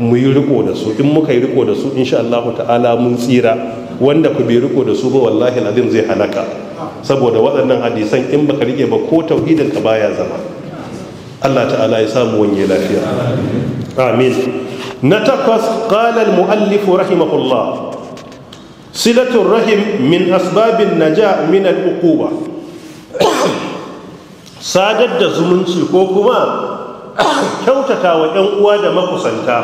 mu yi riko da su in muka yi riko da su insha Allah ta'ala mun tsira wanda ku bi riko da su ba wallahi lazim zai halaka saboda waɗannan hadisan in baka rike ba ko tauhidin ka baya zama Allah ta'ala ya samu wani lafiya amin na takwas qala al muallif rahimahullah silatu rahim min asbabin naja min al uquba sadar da zumunci ko kuma kyautata wa ƴan uwa da makusanta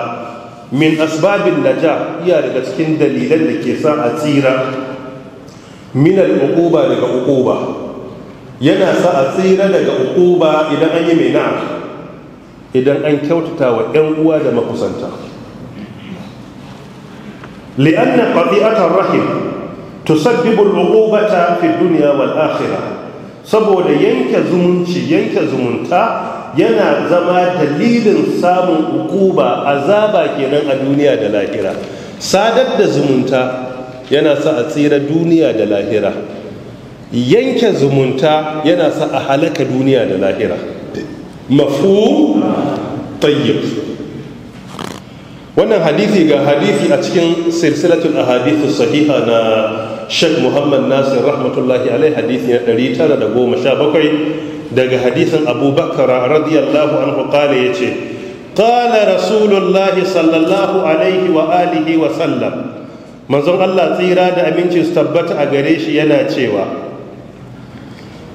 min asbabin naja iya daga cikin dalilan da ke sa a tsira minal uquba daga uquba yana sa a tsira daga uquba idan an yi mena idan an kyautata wa 'yan uwa da makusanta li'anna qati'atar rahim tusabbibu al-uqubata fi dunya wal akhirah saboda yanke zumunci yanke zumunta yana zama dalilin samun uquba azaba kenan a duniya da lahira sadar da zumunta yana sa a tsira duniya da lahira yanke zumunta yana sa a halaka duniya da lahira mafu tayyib wannan hadithi ga hadithi a cikin silsilatul ahadithu sahiha na sheikh muhammad nasir rahmatullahi alaihi hadithi na 917 daga hadithin abubakar radiyallahu anhu kala ya ce kala rasulullahi sallallahu alaihi wa alihi wa sallam manzon Allah tsira da aminci su tabbata a gare shi yana cewa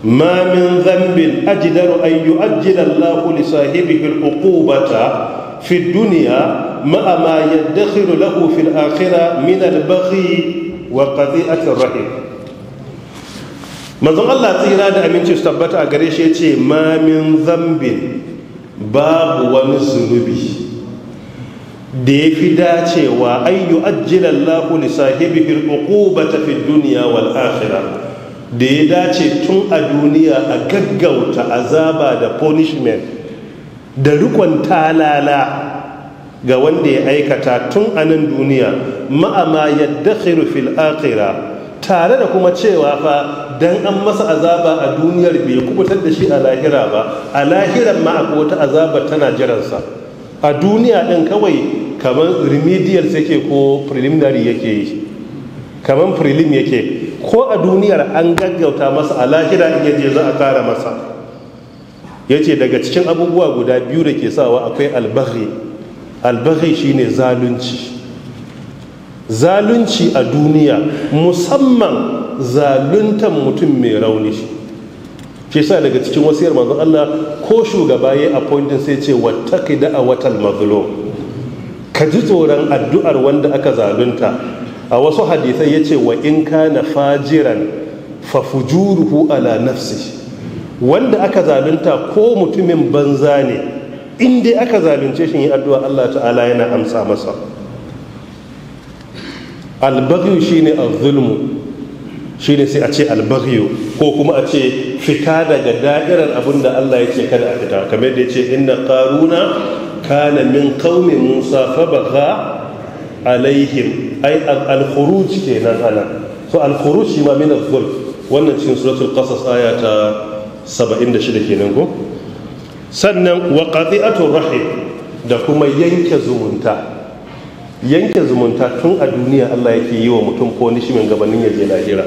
ma min zambin ajidaru an yu'ajjila Allah li sahibihi al-uqubata fi dunya ma'a ma yadakhilu lahu fi al-akhirah min al-baghi wa qati'ati rahim manzon Allah tsira da aminci su tabbata a gare shi yace ma min zambin babu wani zunubi da ya fi dacewa an yi ajiyallahu ba ta fi duniya wal akhira da ya dace tun a duniya a gaggauta azaba da punishment da rikon talala ga wanda ya aikata tun a nan duniya ma'ama yadda fil akhira tare da kuma cewa fa dan an masa azaba a duniyar bai kubutar da shi a lahira ba a lahiran ma akwai azabar azaba tana jiransa a duniya ɗin kawai kamar remedial yake ko preliminary yake yi kamar prelim yake ko a duniyar an gaggauta masa a lahira in yaje za a kara masa ya ce daga cikin abubuwa guda biyu da ke sawa akwai albaghi albaghi shine zalunci zalunci a duniya musamman zaluntan mutum mai rauni shi Ke sa daga cikin wasiyar manzon Allah ko shugaba ya appointing sai ce a watan mazlum ka ji tsoron addu'ar wanda aka zalunta a wasu hadisai yace wa in kana fajiran fa fujuruhu ala nafsi wanda aka zalunta ko mutumin banza ne in dai aka zalunce shi yi addu'a Allah ta'ala yana amsa masa albaghi shine az-zulmu shine sai a ce albaghi ko kuma a ce fita daga da'irar abin da Allah ya ce kada a fita kamar da ya ce inna qaruna kana min qaumi musa fa baga alaihim ay al khuruj kenan ana, so al khuruj ma min al wannan cikin suratul qasas aya ta 76 kenan ko sannan wa qati'atu rahim da kuma yanke zumunta yanke zumunta tun a duniya Allah yake yi wa mutum ko nishimin gabanin ya je lahira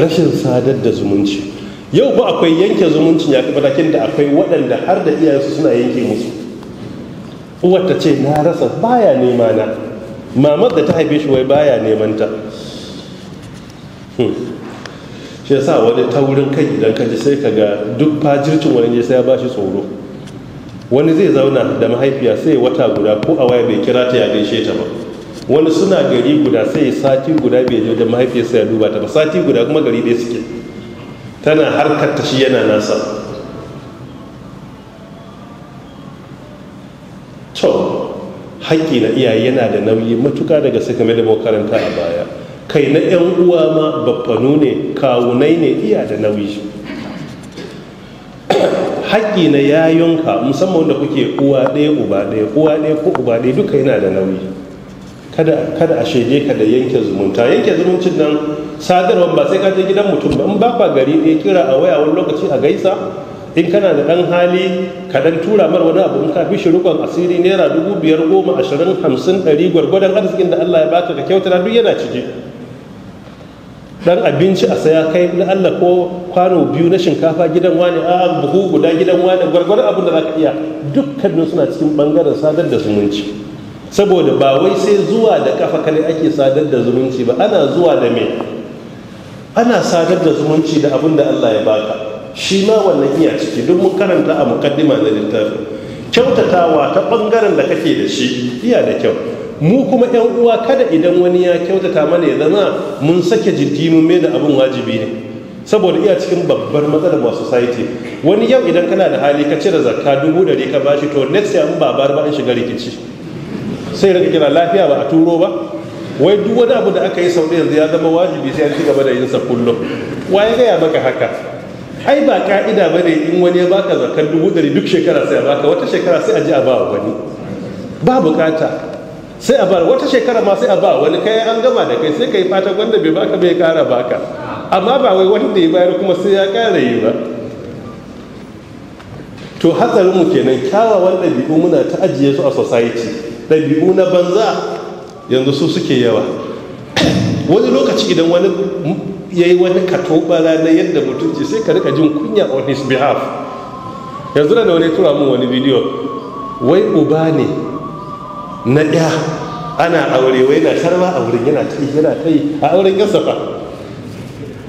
rashin sadar da zumunci yau ba akwai yanke zumuncin ya matakin da akwai waɗanda har da iyayensu suna yanke musu uwar ta ce na rasa baya nema na mamar da ta haife shi wai baya neman ta hmm. shi yasa wani taurin kai idan ka ji sai ka ga duk fajircin wani ne sai ya ba shi tsoro wani zai zauna da mahaifiya sai wata guda ko a waya bai kira ta ya gaishe ta ba wani suna gari guda sai sati guda bai je wajen mahaifiyarsa ya duba ta ba sati guda kuma gari ɗaya suke tana harkar ta yana nasa to haƙƙi na iyaye yana da nauyi matuka daga sai kame da makaranta a baya kai na 'yan uwa ma baffanu ne kawunai ne iya da nauyi haƙƙi na yayonka musamman da kuke uwa ɗaya uba ɗaya uwa ɗaya ko uba ɗaya duka yana da nauyi kada a shaide ka da yanke zumunta yanke zumuncin nan sadarwar ba sai ka je gidan mutum ba in ba ka gari ne kira a waya wani lokaci a gaisa in kana da ɗan hali ka tura mar wani abu in ka fi shirukon asiri naira dubu biyar goma ashirin hamsin ɗari gwargwadon arzikin da allah ya baka ka na duk yana ciki dan abinci a saya kai na Allah ko kwano biyu na shinkafa gidan wani a buhu guda gidan wani gwargwadon abin da za ka iya dukkanin suna cikin bangaren sadar da zumunci saboda ba wai sai zuwa da kafa kare ake sadar da zumunci ba ana zuwa da mai. ana sadar da zumunci da abin da Allah ya baka shi ma wannan iya ciki duk mun karanta a mukaddima na littafin kyautatawa ta bangaren da kake da shi iya da kyau mu kuma yan uwa kada idan wani ya kyautata mana ya zama mun sake jirgi mun mai da abin wajibi ne saboda iya cikin babbar matsalar ba society wani yau idan kana da hali ka cire zakka dubu dari ka bashi to next ya ba babar ba an shiga rikici sai rage kina lafiya ba a turo ba wai duk wani abu da aka yi sau da yanzu ya zama wajibi sai an ci gaba da yin sa kullum waye gaya maka haka ai ba ka'ida ba ne in wani ya baka zakar dubu ɗari duk shekara sai a baka wata shekara sai a ji a ba wa wani ba bukata sai a ba wata shekara ma sai a ba wani kai an gama da kai sai kai fata wanda bai baka bai kara baka amma ba wai wanda ya bayar kuma sai ya kara yi ba to hatsarinmu kenan kyawawan ɗabi'u muna ta ajiye su a society ɗabi'u na banza yanzu su suke yawa wani lokaci idan wani ya yi wani katobara na yadda mutunci sai ka rika jin kunya on his behalf yanzu da wani tura min wani bidiyo wai uba ne na ɗaya ana aure wai na sharwa a wurin yana ta yana ta yi a auren yasa fa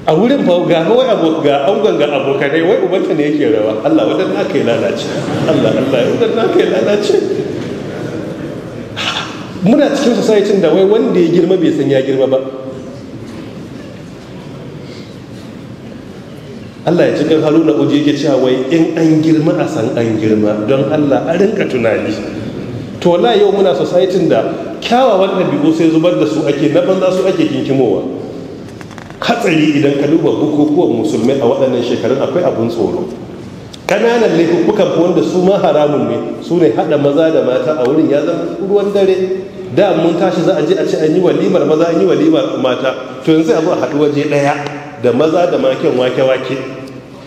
a wurin ba ga wai ga angon ga abokanai wai ubanta ne yake rawa Allah wadannan aka yi lalace Allah Allah wadannan aka yi lalace muna cikin society da wai wanda ya girma bai san ya girma ba Allah ya cikin haruna uji yake cewa wai in an girma a san an girma don Allah a rinka tunani to wala yau muna society da kyawawan ɗabi'u sai zubar da su ake na banza su ake kinkimowa hatsari idan ka duba bukukuwan musulmi a waɗannan shekarun akwai abun tsoro Ƙananan laifukan wanda su ma haramun ne su ne haɗa maza da mata a wurin ya zama ruwan dare da mun tashi za a je a ce an yi walimar maza an yi walimar mata to yanzu a zo a haɗu waje ɗaya da maza da maken wake-wake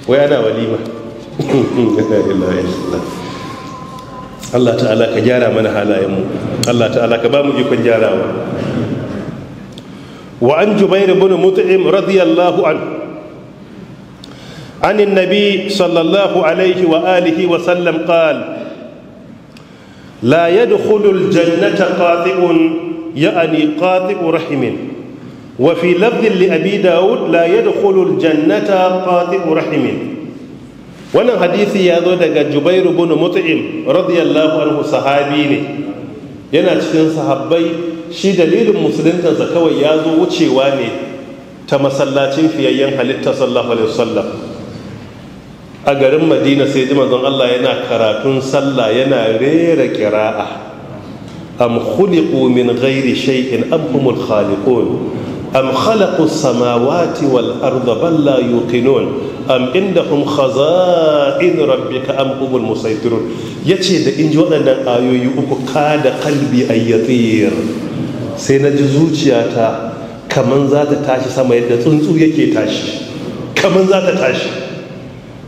waya na walima Allah ta'ala ka gyara mana halayenmu Allah ta'ala ka ba mu ikon gyarawa wa an jubair ibn mut'im radiyallahu an an annabi sallallahu alaihi wa alihi wa sallam qala la yadkhulul jannata qati'un ya'ni qati'u rahimin wa fi lafdhin li abi daud la yadkhulul jannata qati'u rahimin wannan hadisi ya zo daga jubairu ibn mut'im radiyallahu anhu sahabi ne yana cikin sahabbai shi dalilin musulunta kawai ya zo wucewa ne ta masallacin fiyayyen halitta sallallahu alaihi wasallam a garin madina sai ji manzon allah yana karatun sallah yana rera kira'a am khuliqu min ghairi shay'in am humul khaliqun am khalaqu samawati wal arda bal la yuqinun am indahum khaza'in rabbika am humul musaytirun yace da in ji waɗannan ayoyi uku kada kalbi ayyatir sai na ji zuciyata kaman za ta tashi sama yadda tsuntsu yake tashi kaman za ta tashi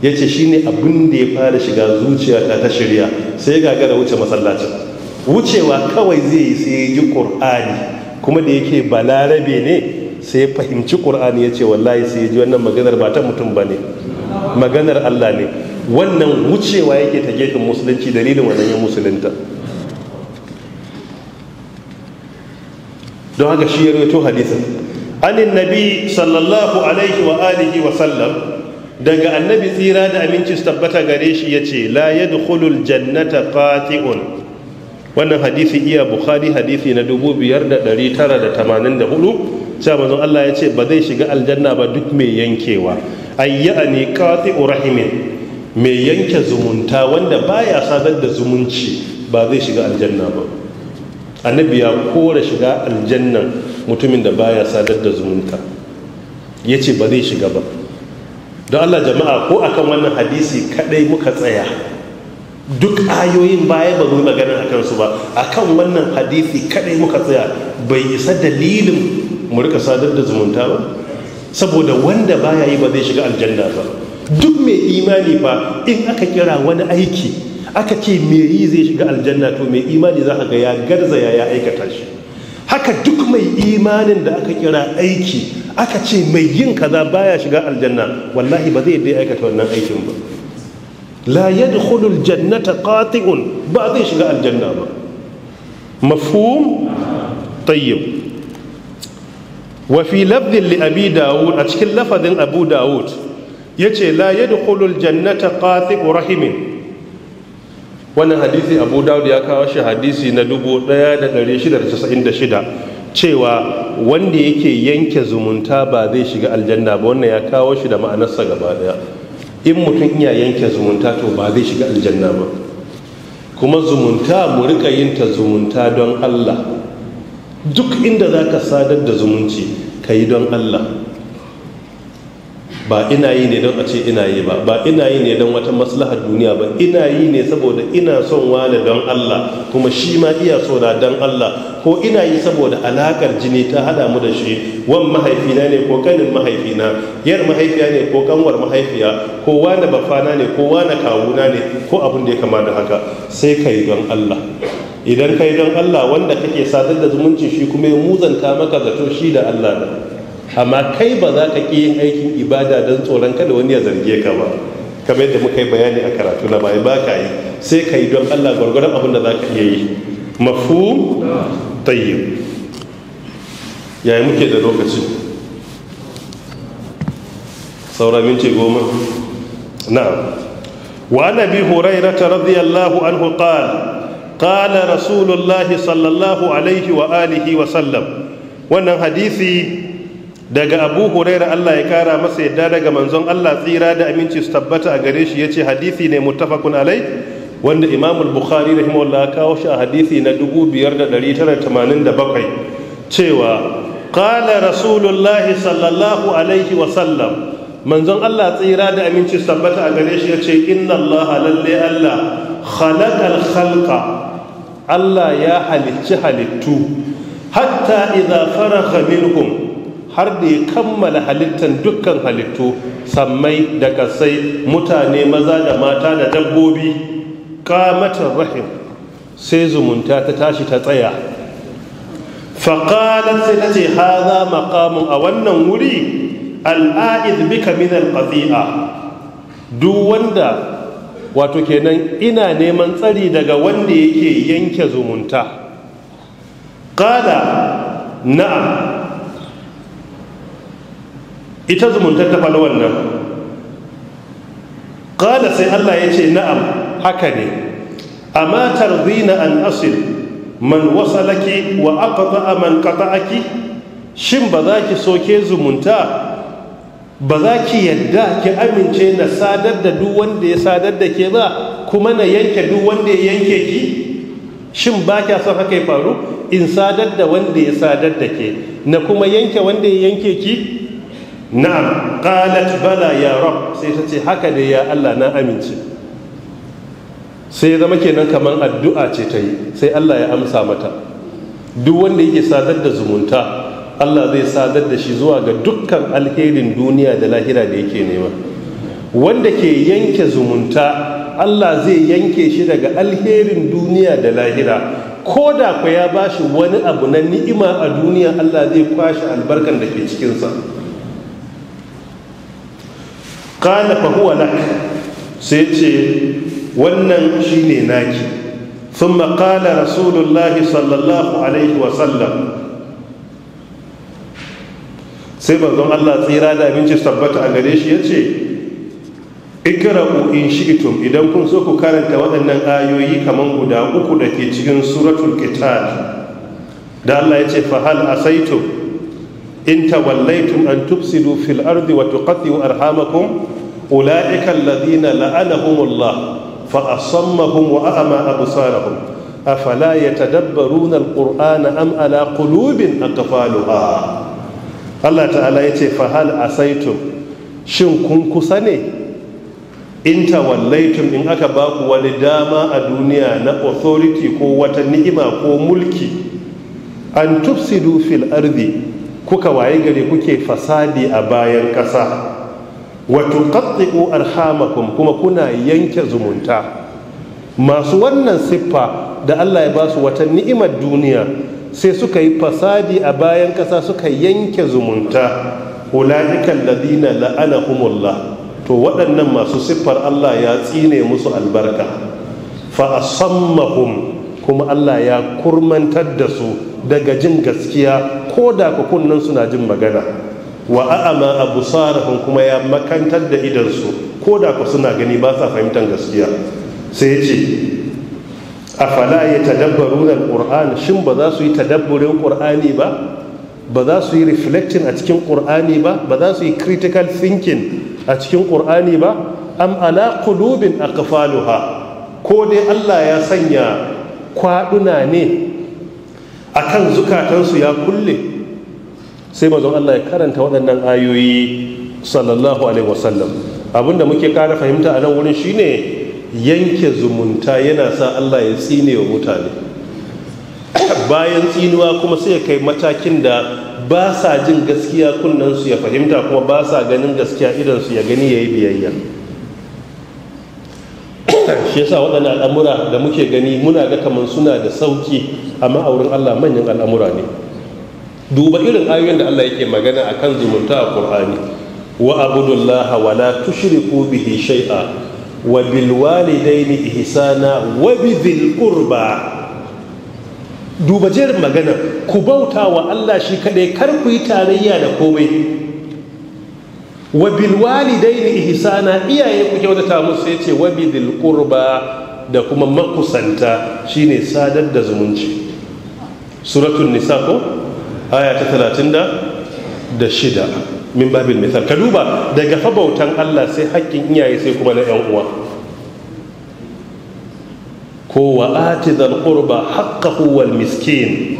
ya ce shi ne abin da ya fara shiga zuciya ta ta shirya sai gagara wuce masallacin wucewa kawai zai yi sai ya ji ƙur'ani kuma da yake balarabe ne sai fahimci ƙur'ani ya ce wallahi sai ya ji wannan maganar ba ta mutum ba ne maganar allah ne wannan wucewa yake ta gefen musulunci dalilin wannan yin musulunta don haka shi ya rito hadisin anin nabi sallallahu alaihi wa wa sallam daga annabi tsira da aminci su tabbata gare shi ya ce la ya dukulul jannata qati'un wannan hadisi iya bukhari hadisi na 5984 sha manzon Allah ya ce ba zai shiga aljanna ba duk mai yankewa ayya ne qati'u rahimin mai yanke zumunta wanda baya sadar da zumunci ba zai shiga aljanna ba annabi ya kora shiga aljannan mutumin da baya sadar da zumunta ya ce ba zai shiga ba don Allah jama'a ko akan wannan hadisi kadai muka tsaya duk ayoyin baya ba mu magana a kansu ba akan wannan hadisi kadai muka tsaya bai isa dalilin mu rika sadar da zumunta ba saboda wanda baya yi ba zai shiga aljanna ba duk mai imani ba in aka kira wani aiki aka ce mai yi zai shiga aljanna to mai imani za ka ga ya garzaya ya aikata shi haka duk mai imanin da aka kira aiki aka ce mai yin kaza baya shiga aljanna wallahi ba zai dai aikata wannan aikin ba la yadkhulu aljannata qati'un ba zai shiga aljanna ba mafhum tayyib wa fi lafzi li abi daud a cikin lafazin abu daud yace la yadkhulu aljannata qati'u rahimin wannan hadisi abu dawud ya kawo shi hadisi na 1696 cewa wanda yake yanke zumunta ba zai shiga aljanna ba wannan ya kawo shi da ma'anarsa gaba daya in mutum iya yanke zumunta to ba zai shiga aljanna ba kuma zumunta mu rika yin ta zumunta don allah duk inda za ka sadar da zumunci ka yi don allah ba ina yi ne don a ce ina yi ba ba ina yi ne don wata maslahar duniya ba ina yi ne saboda ina son wani don Allah kuma shi ma iya so na don Allah ko ina yi saboda alakar jini ta hada mu da shi wan mahaifina ne ko kanin mahaifina yar mahaifiya ne ko kanwar mahaifiya ko wani bafana ne ko wani kawuna ne ko abin da ya kama da haka sai kai don Allah idan kai don Allah wanda kake sadar da zumunci shi kuma ya muzanta maka zato shi da Allah da amma kai ba za ka ƙi yin aikin ibada don tsoron kada wani ya zarge ka ba kamar yadda muka yi bayani a karatu na bayan ba ka yi sai ka yi don allah gwargwaron abin da za ka iya yi mafu tayyib yayi muke da lokaci saura minti goma na وعن ابي هريره radiyallahu الله عنه قال قال رسول الله صلى الله عليه واله وسلم wannan hadisi daga abu huraira allah ya kara masa yadda daga manzon allah tsira da aminci su tabbata a gare shi ya ce hadisi ne muttafaqun alai wanda imamul bukhari rahimahullah kawo shi a hadisi na 5987 cewa kala rasulullahi sallallahu alaihi Wasallam" manzon Allah tsira da aminci tabbata a gare shi ya ce inna Allah lalle Allah khalaqal khalqa Allah ya halicci halittu hatta idza faraha minhum har da ya kammala halittar dukkan halittu sammai da kasai mutane maza da mata da dabbobi kamatar rahim sai zumunta ta tashi ta tsaya faƙalar sai ta ce haza makamun a wannan wuri al'a'id bika min alƙazi'a duk wanda wato kenan ina neman tsari daga wanda yake yanke zumunta ƙada na'am ita zumuntar ta faɗi wannan ƙada sai allah ya ce na'am haka ne amma tarzina an asir man laki wa aka za'a man aki shin ba za ki soke zumunta ba za ki yadda ki amince na sadar da duk wanda ya sadar da ke ba kuma na yanke duk wanda ya yanke ki shin ba kya son haka ya faru in sadar da wanda ya sadar da ke na kuma yanke wanda ya yanke ki na'am qalat bala ya rab sai ta ce haka dai ya Allah na amince sai zama kenan kamar addu'a ce ta yi sai Allah ya amsa mata duk wanda yake sadar da zumunta Allah zai sadar da shi zuwa ga dukkan alherin duniya da lahira da yake nema wanda ke yanke zumunta Allah zai yanke shi daga alherin duniya da lahira ko da ku ya bashi wani abu na ni'ima a duniya Allah zai kwashe albarkan da ke cikinsa kana fa huwa lak sai ce wannan shine naki sun qala rasulullahi sallallahu alaihi wa sallam sai bazon Allah tsira da abinci tabbata a gare shi yace ikra'u in shi'itum idan kun so ku karanta waɗannan ayoyi kaman guda uku da ke cikin suratul qital da Allah yace fa hal asaitu in tawallaitum an tufsidu fil ardi wa tuqatti'u arhamakum أولئك الذين لعنهم الله فأصمهم وأعمى أبصارهم أفلا يتدبرون القرآن أم على قلوب أقفالها Allah ta'ala ya ce fahal asaitum shin kun kusa ne in tawallaitum in aka baku wani dama a duniya na authority ko wata ni'ima ko mulki an tufsidu fil ardi kuka waye gari kuke fasadi a bayan ƙasa wato tuqatti'u arhamakum kuma kuna yanke zumunta masu wannan siffa da Allah ya ba su wata ni'imar duniya sai suka yi fasadi a bayan ƙasa suka yanke zumunta hula'ikan ladina la'ana la'anahumullah to waɗannan masu siffar Allah ya tsine musu albarka fa kuma Allah ya kurmantar da su daga jin gaskiya ko da kukunan suna jin magana wa a'ama absarahum kuma ya makantar da idansu ko da ku suna gani ba sa fahimtar gaskiya sai ce afala yatadabbaruna alquran shin ba za su yi tadabburin ƙur'ani ba ba za su yi reflecting a cikin ƙur'ani ba ba za su yi critical thinking a cikin ƙur'ani ba am ala qulubin aqfaluha ko dai Allah ya sanya kwaduna ne akan zukatansu ya kulle sai mazan Allah ya karanta waɗannan ayoyi sallallahu alaihi wasallam abinda muke kara fahimta a nan wurin shine yanke zumunta yana sa Allah ya tsine wa mutane bayan tsinuwa kuma sai ya kai matakin da ba sa jin gaskiya kunnensu ya fahimta kuma ba sa ganin gaskiya idansu ya gani ya yi biyayya shi yasa waɗannan al'amura da muke gani muna ga kamar suna da sauki amma a wurin Allah manyan al'amura ne duba irin ayoyin da Allah yake magana a kan zumunta a ƙur'ani wa abudullaha wa la tushriku bihi shay'a wa bil walidaini ihsana wa bidhil qurba duba jerin magana ku bauta wa Allah shi kaɗai kar ku yi tarayya da komai wa bil walidaini ihsana iyaye ku kyautata musu sai ce wa bidhil qurba da kuma makusanta shine sadar da zumunci Suratun nisa ko Ayata ta talatin da shida min babin misal ka duba daga fabautan allah sai haƙƙin iyaye sai kuma na 'yan uwa ko wa ati zan ƙurba haƙƙa miskin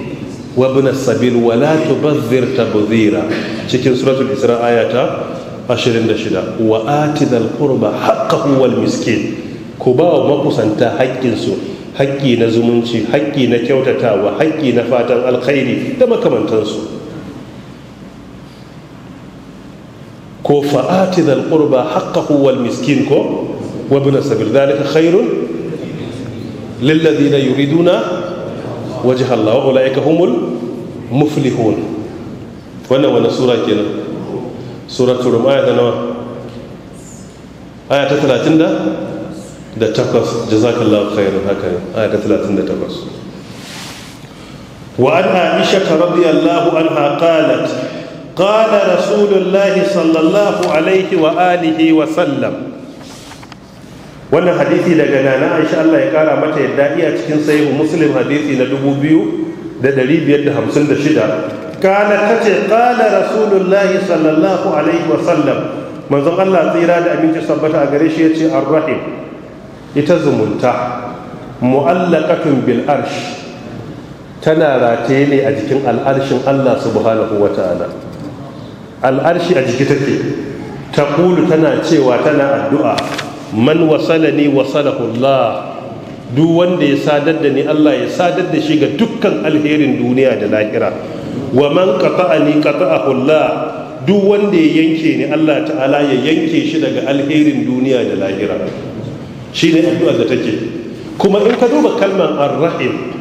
wa ibn sabil wa la tubazzir cikin suratul isra ayata 26 wa ati zan ƙurba haƙƙa-huwal miskin ku ba wa makusanta haƙƙinsu haƙƙi na zumunci haƙƙi na kyautatawa haƙƙi na fatan alkhairi da makamantansu ko fa'ati zal qurba haqqahu wal miskin ko wa ibn sabil dalika khairun lil ladina yuriduna wajha Allah wa ulaika humul muflihun wannan wani sura kenan suratul rum aya da nawa aya ta 30 da takwas jazakallahu khairan haka aya ta 38 Wa an Aisha الله عنها قالت قال رسول sallallahu صلى wa alihi wa sallam. wannan hadisi daga nana aisha Allah ya kara mata yadda iya cikin sahihu muslim hadisi na 2556 kana tace kana rasulullahi sallallahu alaihi wa sallam manzon Allah tsira da abinci sabbata a gare shi yace ar-rahim ita zumunta mu'allakatun bil arsh tana rataye ne a jikin al'arshin Allah subhanahu wa ta'ala al'arshi a jiki take ta kulu tana cewa tana addu'a man wasala ni wasalahu Allah duk wanda ya sadar da ni Allah ya sadar da shi ga dukkan alherin duniya da lahira wa man qata'ani qata'ahu Allah duk wanda ya yanke ni Allah ta'ala ya yanke shi daga alherin duniya da lahira shi ne addu'ar da take kuma in ka duba kalmar arrahim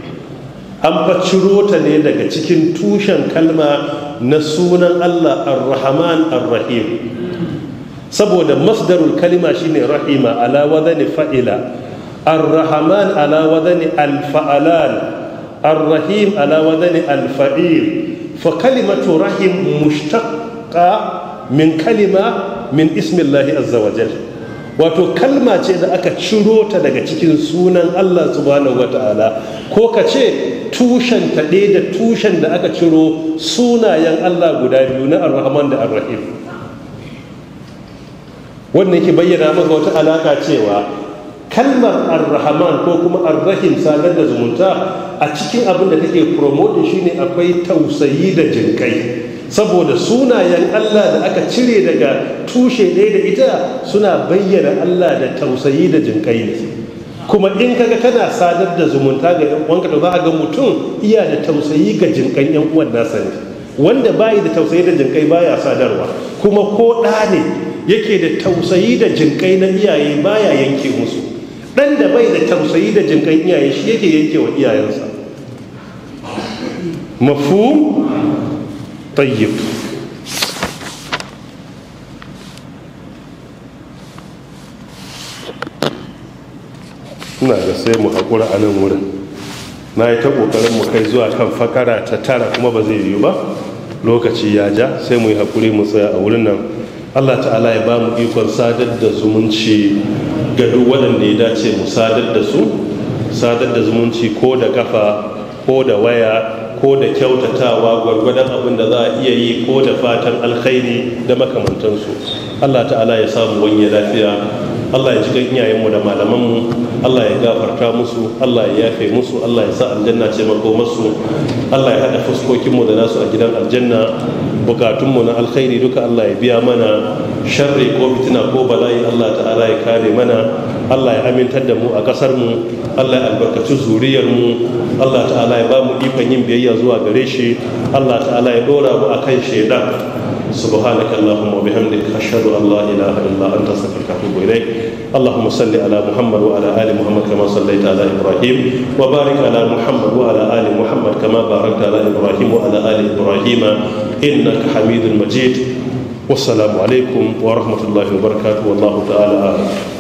an fa ciro ta ne daga cikin tushen kalma na sunan allah arrahman arrahim saboda masdarul kalima shine rahima ala wadani fa'ila arrahman ala wadani alfa'alan arrahim ala wadani alfa'il fa kalimatu rahim mushtaqqa min kalima min ismillahi azza wajalla wato kalma ce da aka ciro ta daga cikin sunan Allah subhanahu ta'ala ko ka ce tushen ta da tushen da aka ciro sunayen Allah guda biyu na ar da arrahim wannan ke bayyana maka wata alaka cewa kalmar arrahman rahman ko kuma arrahim rahim sadar da zumunta a cikin abin da take promoting shine akwai tausayi da jinkai saboda sunayen Allah da aka cire daga tushe ɗaya da ita suna bayyana Allah da tausayi da jinkai ne kuma in kaga kana sadar da zumunta ga yan uwanka da za a ga mutum iya da tausayi ga jinkan yan uwan nasa ne wanda bayi da tausayi da jinkai baya sadarwa kuma ko ɗa ne yake da tausayi da jinkai na iyaye baya yanke musu ɗan da bai da tausayi da jinkan iyaye shi yake yanke wa iyayensa Mafu tayyib ina da sai mu haƙura a nan wurin na yi ta ƙoƙarin mu kai zuwa kan fakara ta tara kuma ba zai yiwu ba lokaci ya ja sai mu yi haƙuri mu tsaya a wurin nan Allah ta'ala ya ba mu ikon sadar da zumunci ga duk waɗanda ya dace mu sadar da su sadar da zumunci ko da kafa ko da waya ko da kyautatawa gwargwadon abin da za a iya yi ko da fatan alkhairi da makamantansu Allah ta'ala ya samu wani lafiya Allah ya ji ga iyayenmu da malamanmu Allah ya gafarta musu Allah ya yafe musu Allah ya sa aljanna ce masu Allah ya haɗa fuskokinmu da nasu a gidan aljanna bukatunmu na alkhairi duka Allah ya biya mana sharri ko fitina ko bala'i Allah ta'ala ya kare mana Allah ya amintar da mu a ƙasar mu Allah ya albarkaci zuriyar mu Allah ta'ala ya ba mu ikon yin biyayya zuwa gare shi Allah ta'ala ya dora mu akan shaidan سبحانك اللهم وبحمدك أشهد أن لا إله إلا أنت أستغفرك وأتوب إليك اللهم صل على محمد وعلى آل محمد كما صليت على إبراهيم وبارك على محمد وعلى آل محمد كما باركت على إبراهيم وعلى آل إبراهيم إنك حميد مجيد والسلام عليكم ورحمة الله وبركاته والله تعالى أعلم